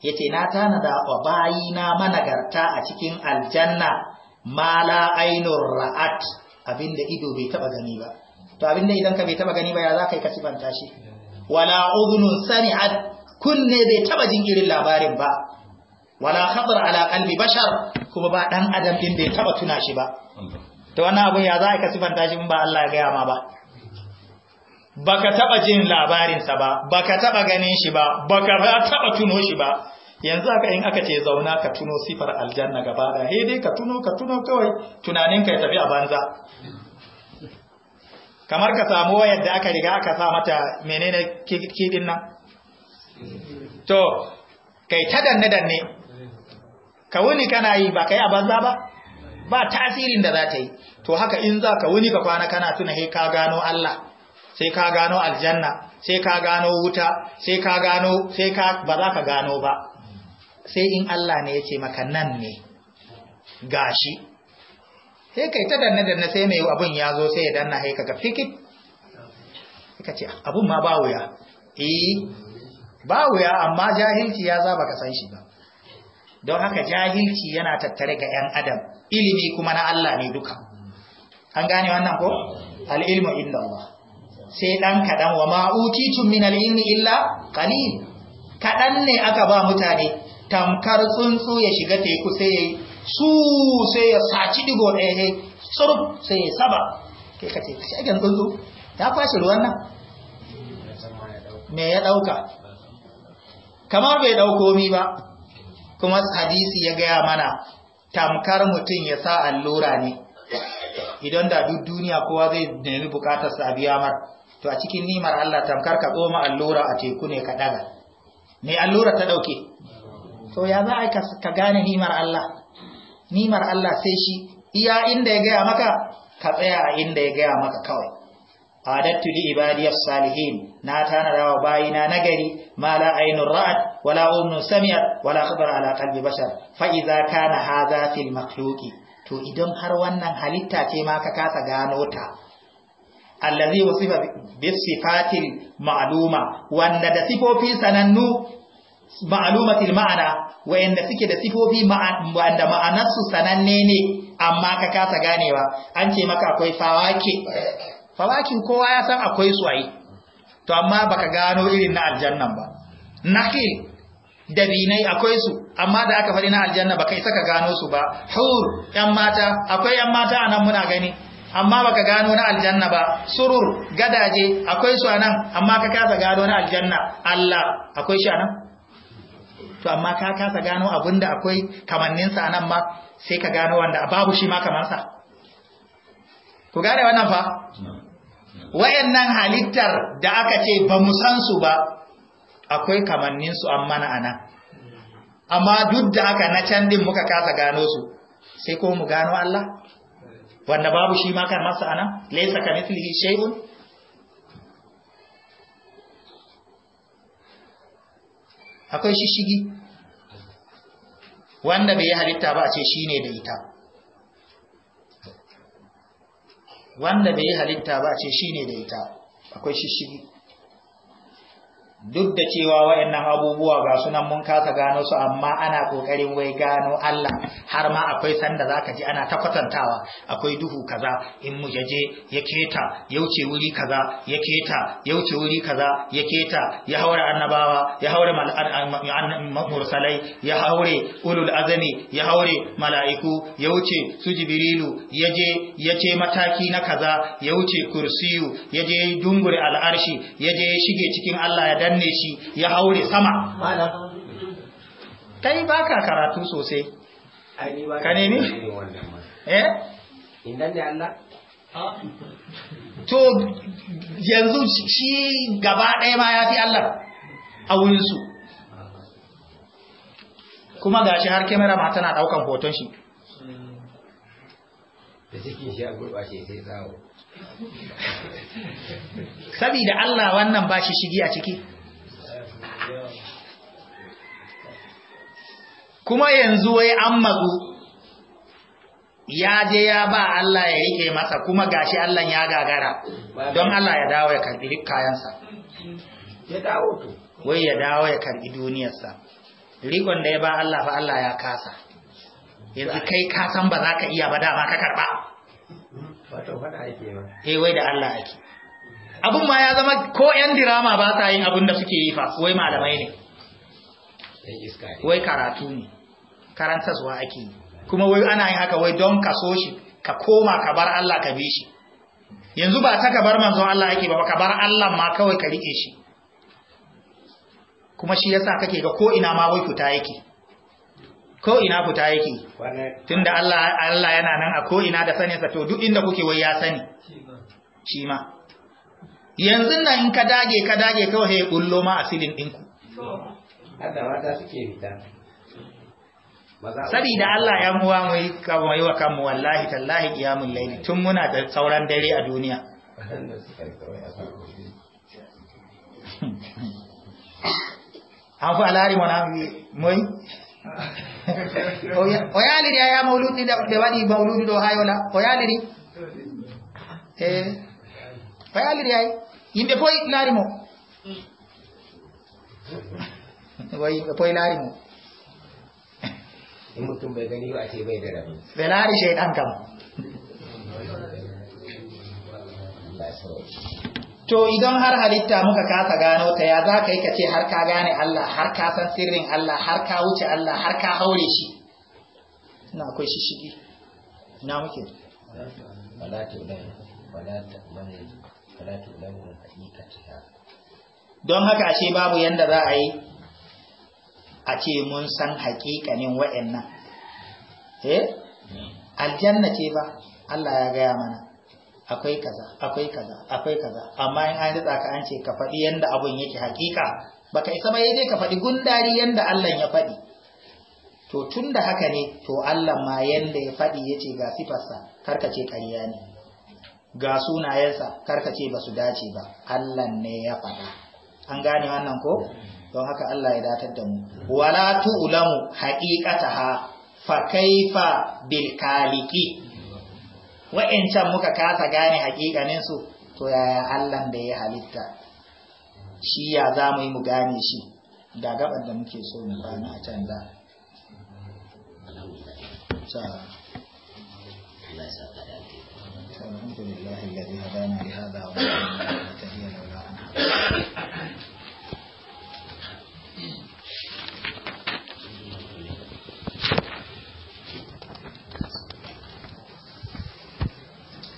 yace na tanada wa bayina managarta a cikin aljanna ma la ainur ra'at abinda ido bai taba gani ba to abinda idan ka bai taba gani ba ya zaka yi ka sifanta shi wala udhun sami'at kunne bai taba jin irin labarin ba wala khabar ala qalbi bashar kuma ba dan adam din da ya taba tuna shi ba to wannan abun ya za ka sifanta shi ba Allah ya gaya ma ba baka taba jin labarin sa ba baka taba ganin shi ba baka taba tuno shi ba yanzu haka in aka ce zauna ka tuno sifar aljanna gaba da he dai ka tuno ka tuno kawai tunanin ka ya tafi a banza kamar ka samu wayar da aka riga aka sa mata menene kidin nan to kai ta danne danne ka wuni kana yi ba kai a banza ba ba tasirin da za ta yi to haka in za ka wuni ka kwana kana tuna he ka gano Allah sai ka gano aljanna sai ka gano wuta sai ka gano sai ka ba za ka gano ba sai in Allah ne yake maka nan ne gashi sai kai ta danna danna sai mai abun ya zo sai ya danna he kaga fikit ka ce abun ma ba wuya eh ba wuya amma jahilci ya za baka san shi ba don haka jahilci yana tattare ga 'yan adam ilimi kuma na Allah ne duka an gane wannan ko al'ilmu inda Allah sai ɗan kaɗan wa ma'utitun min al'ilmi illa ƙalil kaɗan ne aka ba mutane tamkar tsuntsu ya shiga teku sai ya yi su sai ya saci digo ɗaya ya sai ya saba kai ka teku shagen tsuntsu ya fashe ruwan nan me ya ɗauka Kamar bai ɗauko mi ba kuma hadisi ya gaya mana tamkar mutum ya sa allura ne idan da duk duniya kowa zai nemi bukatar sa biya mar to a cikin nimar Allah tamkar ka tsoma allura a teku ne ka daga me allura ta dauke to ya za a ka gane nimar Allah nimar Allah sai shi iya inda ya gaya maka ka tsaya a inda ya gaya maka kawai adattu li ibadiyas salihin na rawa bayina nagari mala ainur ra'at wala umnu sami'at wala khabara ala qalbi bashar fa idza kana hadha to idan har wannan halitta ce ma ka kasa gano ta allazi wasifa bi sifatil ma'luma wanda da sifofi sanannu ma'lumatil ma'ana wanda suke da sifofi wanda sananne ne amma ka kasa ganewa an ce maka akwai fawaki kowa ya san akwai su ai to amma baka gano irin na aljannan ba nakil dabinai akwai su amma da aka faɗi na aljanna baka isa ka gano su ba hur yan mata akwai yan mata anan muna gani amma baka gano na aljanna ba surur gadaje akwai su anan amma ka kasa gano na aljanna Allah akwai shi anan to amma ka kasa gano abinda akwai kamannin sa anan ma sai ka gano wanda babu shi ma kamar sa ku gane wannan fa wayannan halittar da aka ce ba mu san su ba akwai kamannin su an mana ana amma duk da aka na can din muka kasa gano su sai ko mu gano Allah wanda babu shi ma kan masa ana laysa mithlihi shay'un akwai shishigi wanda bai halitta ba a ce shine da ita wanda bai halitta ba a ce shine da ita akwai shishigi duk da cewa wayannan abubuwa ga sunan mun kasa gano su amma ana kokarin wai gano Allah har ma akwai sanda zaka ji ana ta akwai duhu kaza in mu jaje ya keta ya wuce wuri kaza ya keta ya wuce wuri kaza ya keta ya haura annabawa ya haure mursalai ya haure ulul azami ya haure mala'iku ya wuce su jibrilu ya je ya ce mataki na kaza ya wuce kursiyu ya je dungure al'arshi ya je shige cikin Allah ya danna danne shi ya haure sama kai ba ka karatu sosai ka nemi? eh? inda ne Allah? to yanzu shi gaba ɗaya ma ya fi Allah a wurinsu kuma ga shi har kemera ma tana ɗaukan hoton shi da cikin shi a gurɓace sai tsawo sabida Allah wannan ba shi shigi a ciki kuma yanzu wai an mazu ya je ya ba Allah ya rike masa kuma gashi Allah ya gagara don Allah ya dawo ya karbi kayansa ya dawo to wai ya dawo ya karbi duniyarsa rikon da ya ba Allah fa Allah ya kasa yanzu kai ka san ba za ka iya ba dama ka karba wato fada ake ma eh wai da Allah ake abun ma ya zama ko yan dirama ba sa yin abun da suke yi fa wai malamai ne wai karatu ne karantarwa ake yi kuma wai ana yin haka wai don ka so shi ka koma ka bar Allah ka bi shi yanzu ba ta ka bar manzo Allah ake ba ka bar Allah ma kawai ka rike shi kuma shi yasa kake ga ko ina ma wai fita yake ko ina fita yake tunda Allah Allah yana nan a ko ina da sanin sa to duk inda kuke wai ya sani shi ma yanzu nan in ka dage ka dage kawai ya kullo ma asilin ɗinku da Allah ya muwa mai kawai wa kanmu wallahi tallahi kiyamun laili tun muna da sauran dare a duniya an fi alari wana mai oyaliri ya mauludi da wani mauludi da hayola oyaliri eh oyaliri ya yi yimɓe poy laari mo way yimɓe poy laari mo mutum bai gani ba ce bai da rami ɓe laari shaiɗan kam to idan har halitta muka kasa gano ta ya za ka yi ka ce har ka gane Allah har ka san sirrin Allah har ka wuce Allah har ka haure shi Ina akwai shishigi Ina muke wala ta wala ta salatu lahu haqiqatiha don haka ashe babu yanda za a yi a ce mun san haƙiƙanin wa'annan eh aljanna ce ba Allah ya gaya mana akwai kaza akwai kaza akwai kaza amma in an ritsa ka an ce ka faɗi yanda abun yake haƙiƙa baka isa ba je ka faɗi gundari yanda Allah ya faɗi to tun da haka ne to Allah ma yanda ya faɗi ya ce ga sifarsa karkace ƙarya ne ga sunayensa karkace ba su dace ba Allah ne ya faɗa an gane wannan ko don haka Allah ya datar da mu wala tu'lamu haqiqataha fa kaifa bil khaliqi wa'ancan muka kasa gane haqiqanin su to yaya Allah da ya halitta shi ya zamu yi mu gane shi Da gaban da muke so mu gane a can da Allah ya الحمد لله الذي هدانا لهذا وما نهتدي لولا أن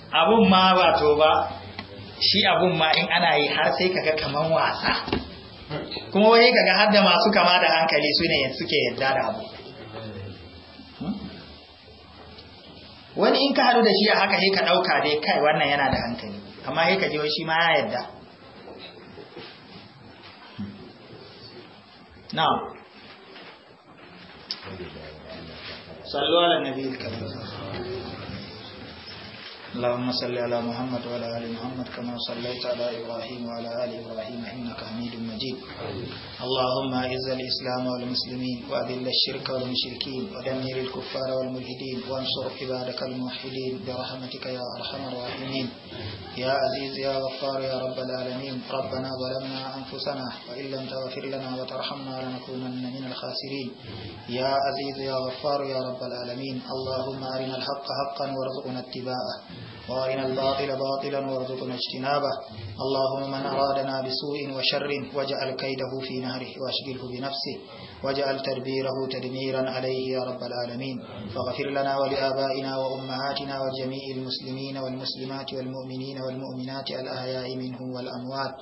abun ma wato ba shi abun ma in ana yi har sai kaga kaman wasa kuma wai kaga har da masu kama da hankali su ne suke yadda da abu wani in ka haɗu da shi a haka sai ka ɗauka dai kai wannan yana da hankali amma sai ka je shi ma ya yadda now sallu ala اللهم صل على محمد وعلى آل محمد كما صليت على إبراهيم وعلى آل إبراهيم إنك حميد مجيد اللهم أعز الإسلام والمسلمين وأذل الشرك والمشركين ودمر الكفار والملحدين وانصر عبادك الموحدين برحمتك يا أرحم الراحمين يا عزيز يا غفار يا رب العالمين ربنا ظلمنا أنفسنا وإن لم تغفر لنا وترحمنا لنكونن من الخاسرين يا عزيز يا غفار يا رب العالمين اللهم أرنا الحق حقا وارزقنا اتباعه وارنا الباطل باطلا وارزقنا اجتنابه اللهم من أرادنا بسوء وشر واجعل كيده في نهره واشغله بنفسه واجعل تدبيره تدميرا عليه يا رب العالمين فاغفر لنا ولآبائنا وأمهاتنا وجميع المسلمين والمسلمات والمؤمنين والمؤمنات الأحياء منهم والأموات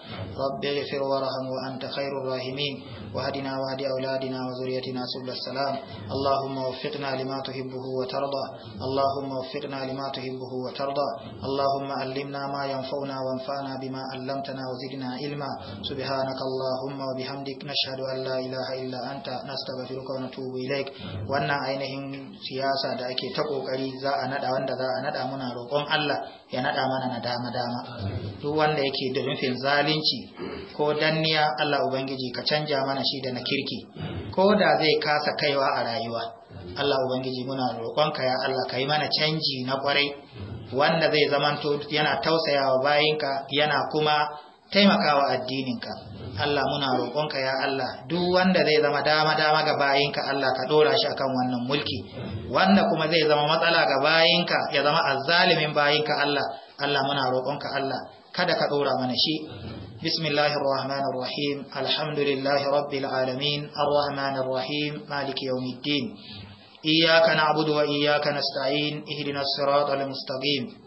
رب اغفر وارحم وأنت خير الراحمين وهدنا وهد أولادنا وذريتنا سبل السلام اللهم وفقنا لما تحبه وترضى اللهم وفقنا لما تحبه وترضى اللهم علمنا ما ينفعنا وانفعنا بما علمتنا وزدنا علما سبحانك اللهم وبحمدك نشهد أن لا إله إلا أنت nastaghfiruka wa natubu ilaik wannan ainihin siyasa da ake ta kokari za a nada wanda za a nada muna roƙon Allah ya nada mana na dama dama duk wanda yake da rufin zalunci ko danniya Allah ubangiji ka canja mana shi da na kirki ko da zai kasa kaiwa a rayuwa Allah ubangiji muna roƙon ka ya Allah kai mana canji na kwarai wanda zai zamanto yana tausayawa bayinka yana kuma taimakawa addininka Allah muna roƙonka ya Allah duk wanda zai zama dama dama ga bayinka Allah ka dora shi akan wannan mulki wanda kuma zai zama matsala ga bayinka ya zama azzalimin bayinka Allah Allah muna roƙonka Allah kada ka dora mana shi bismillahir rahmanir rahim alhamdulillahi rabbil alamin arrahmanir rahim maliki yawmiddin iyyaka na'budu wa iyyaka nasta'in ihdinas siratal mustaqim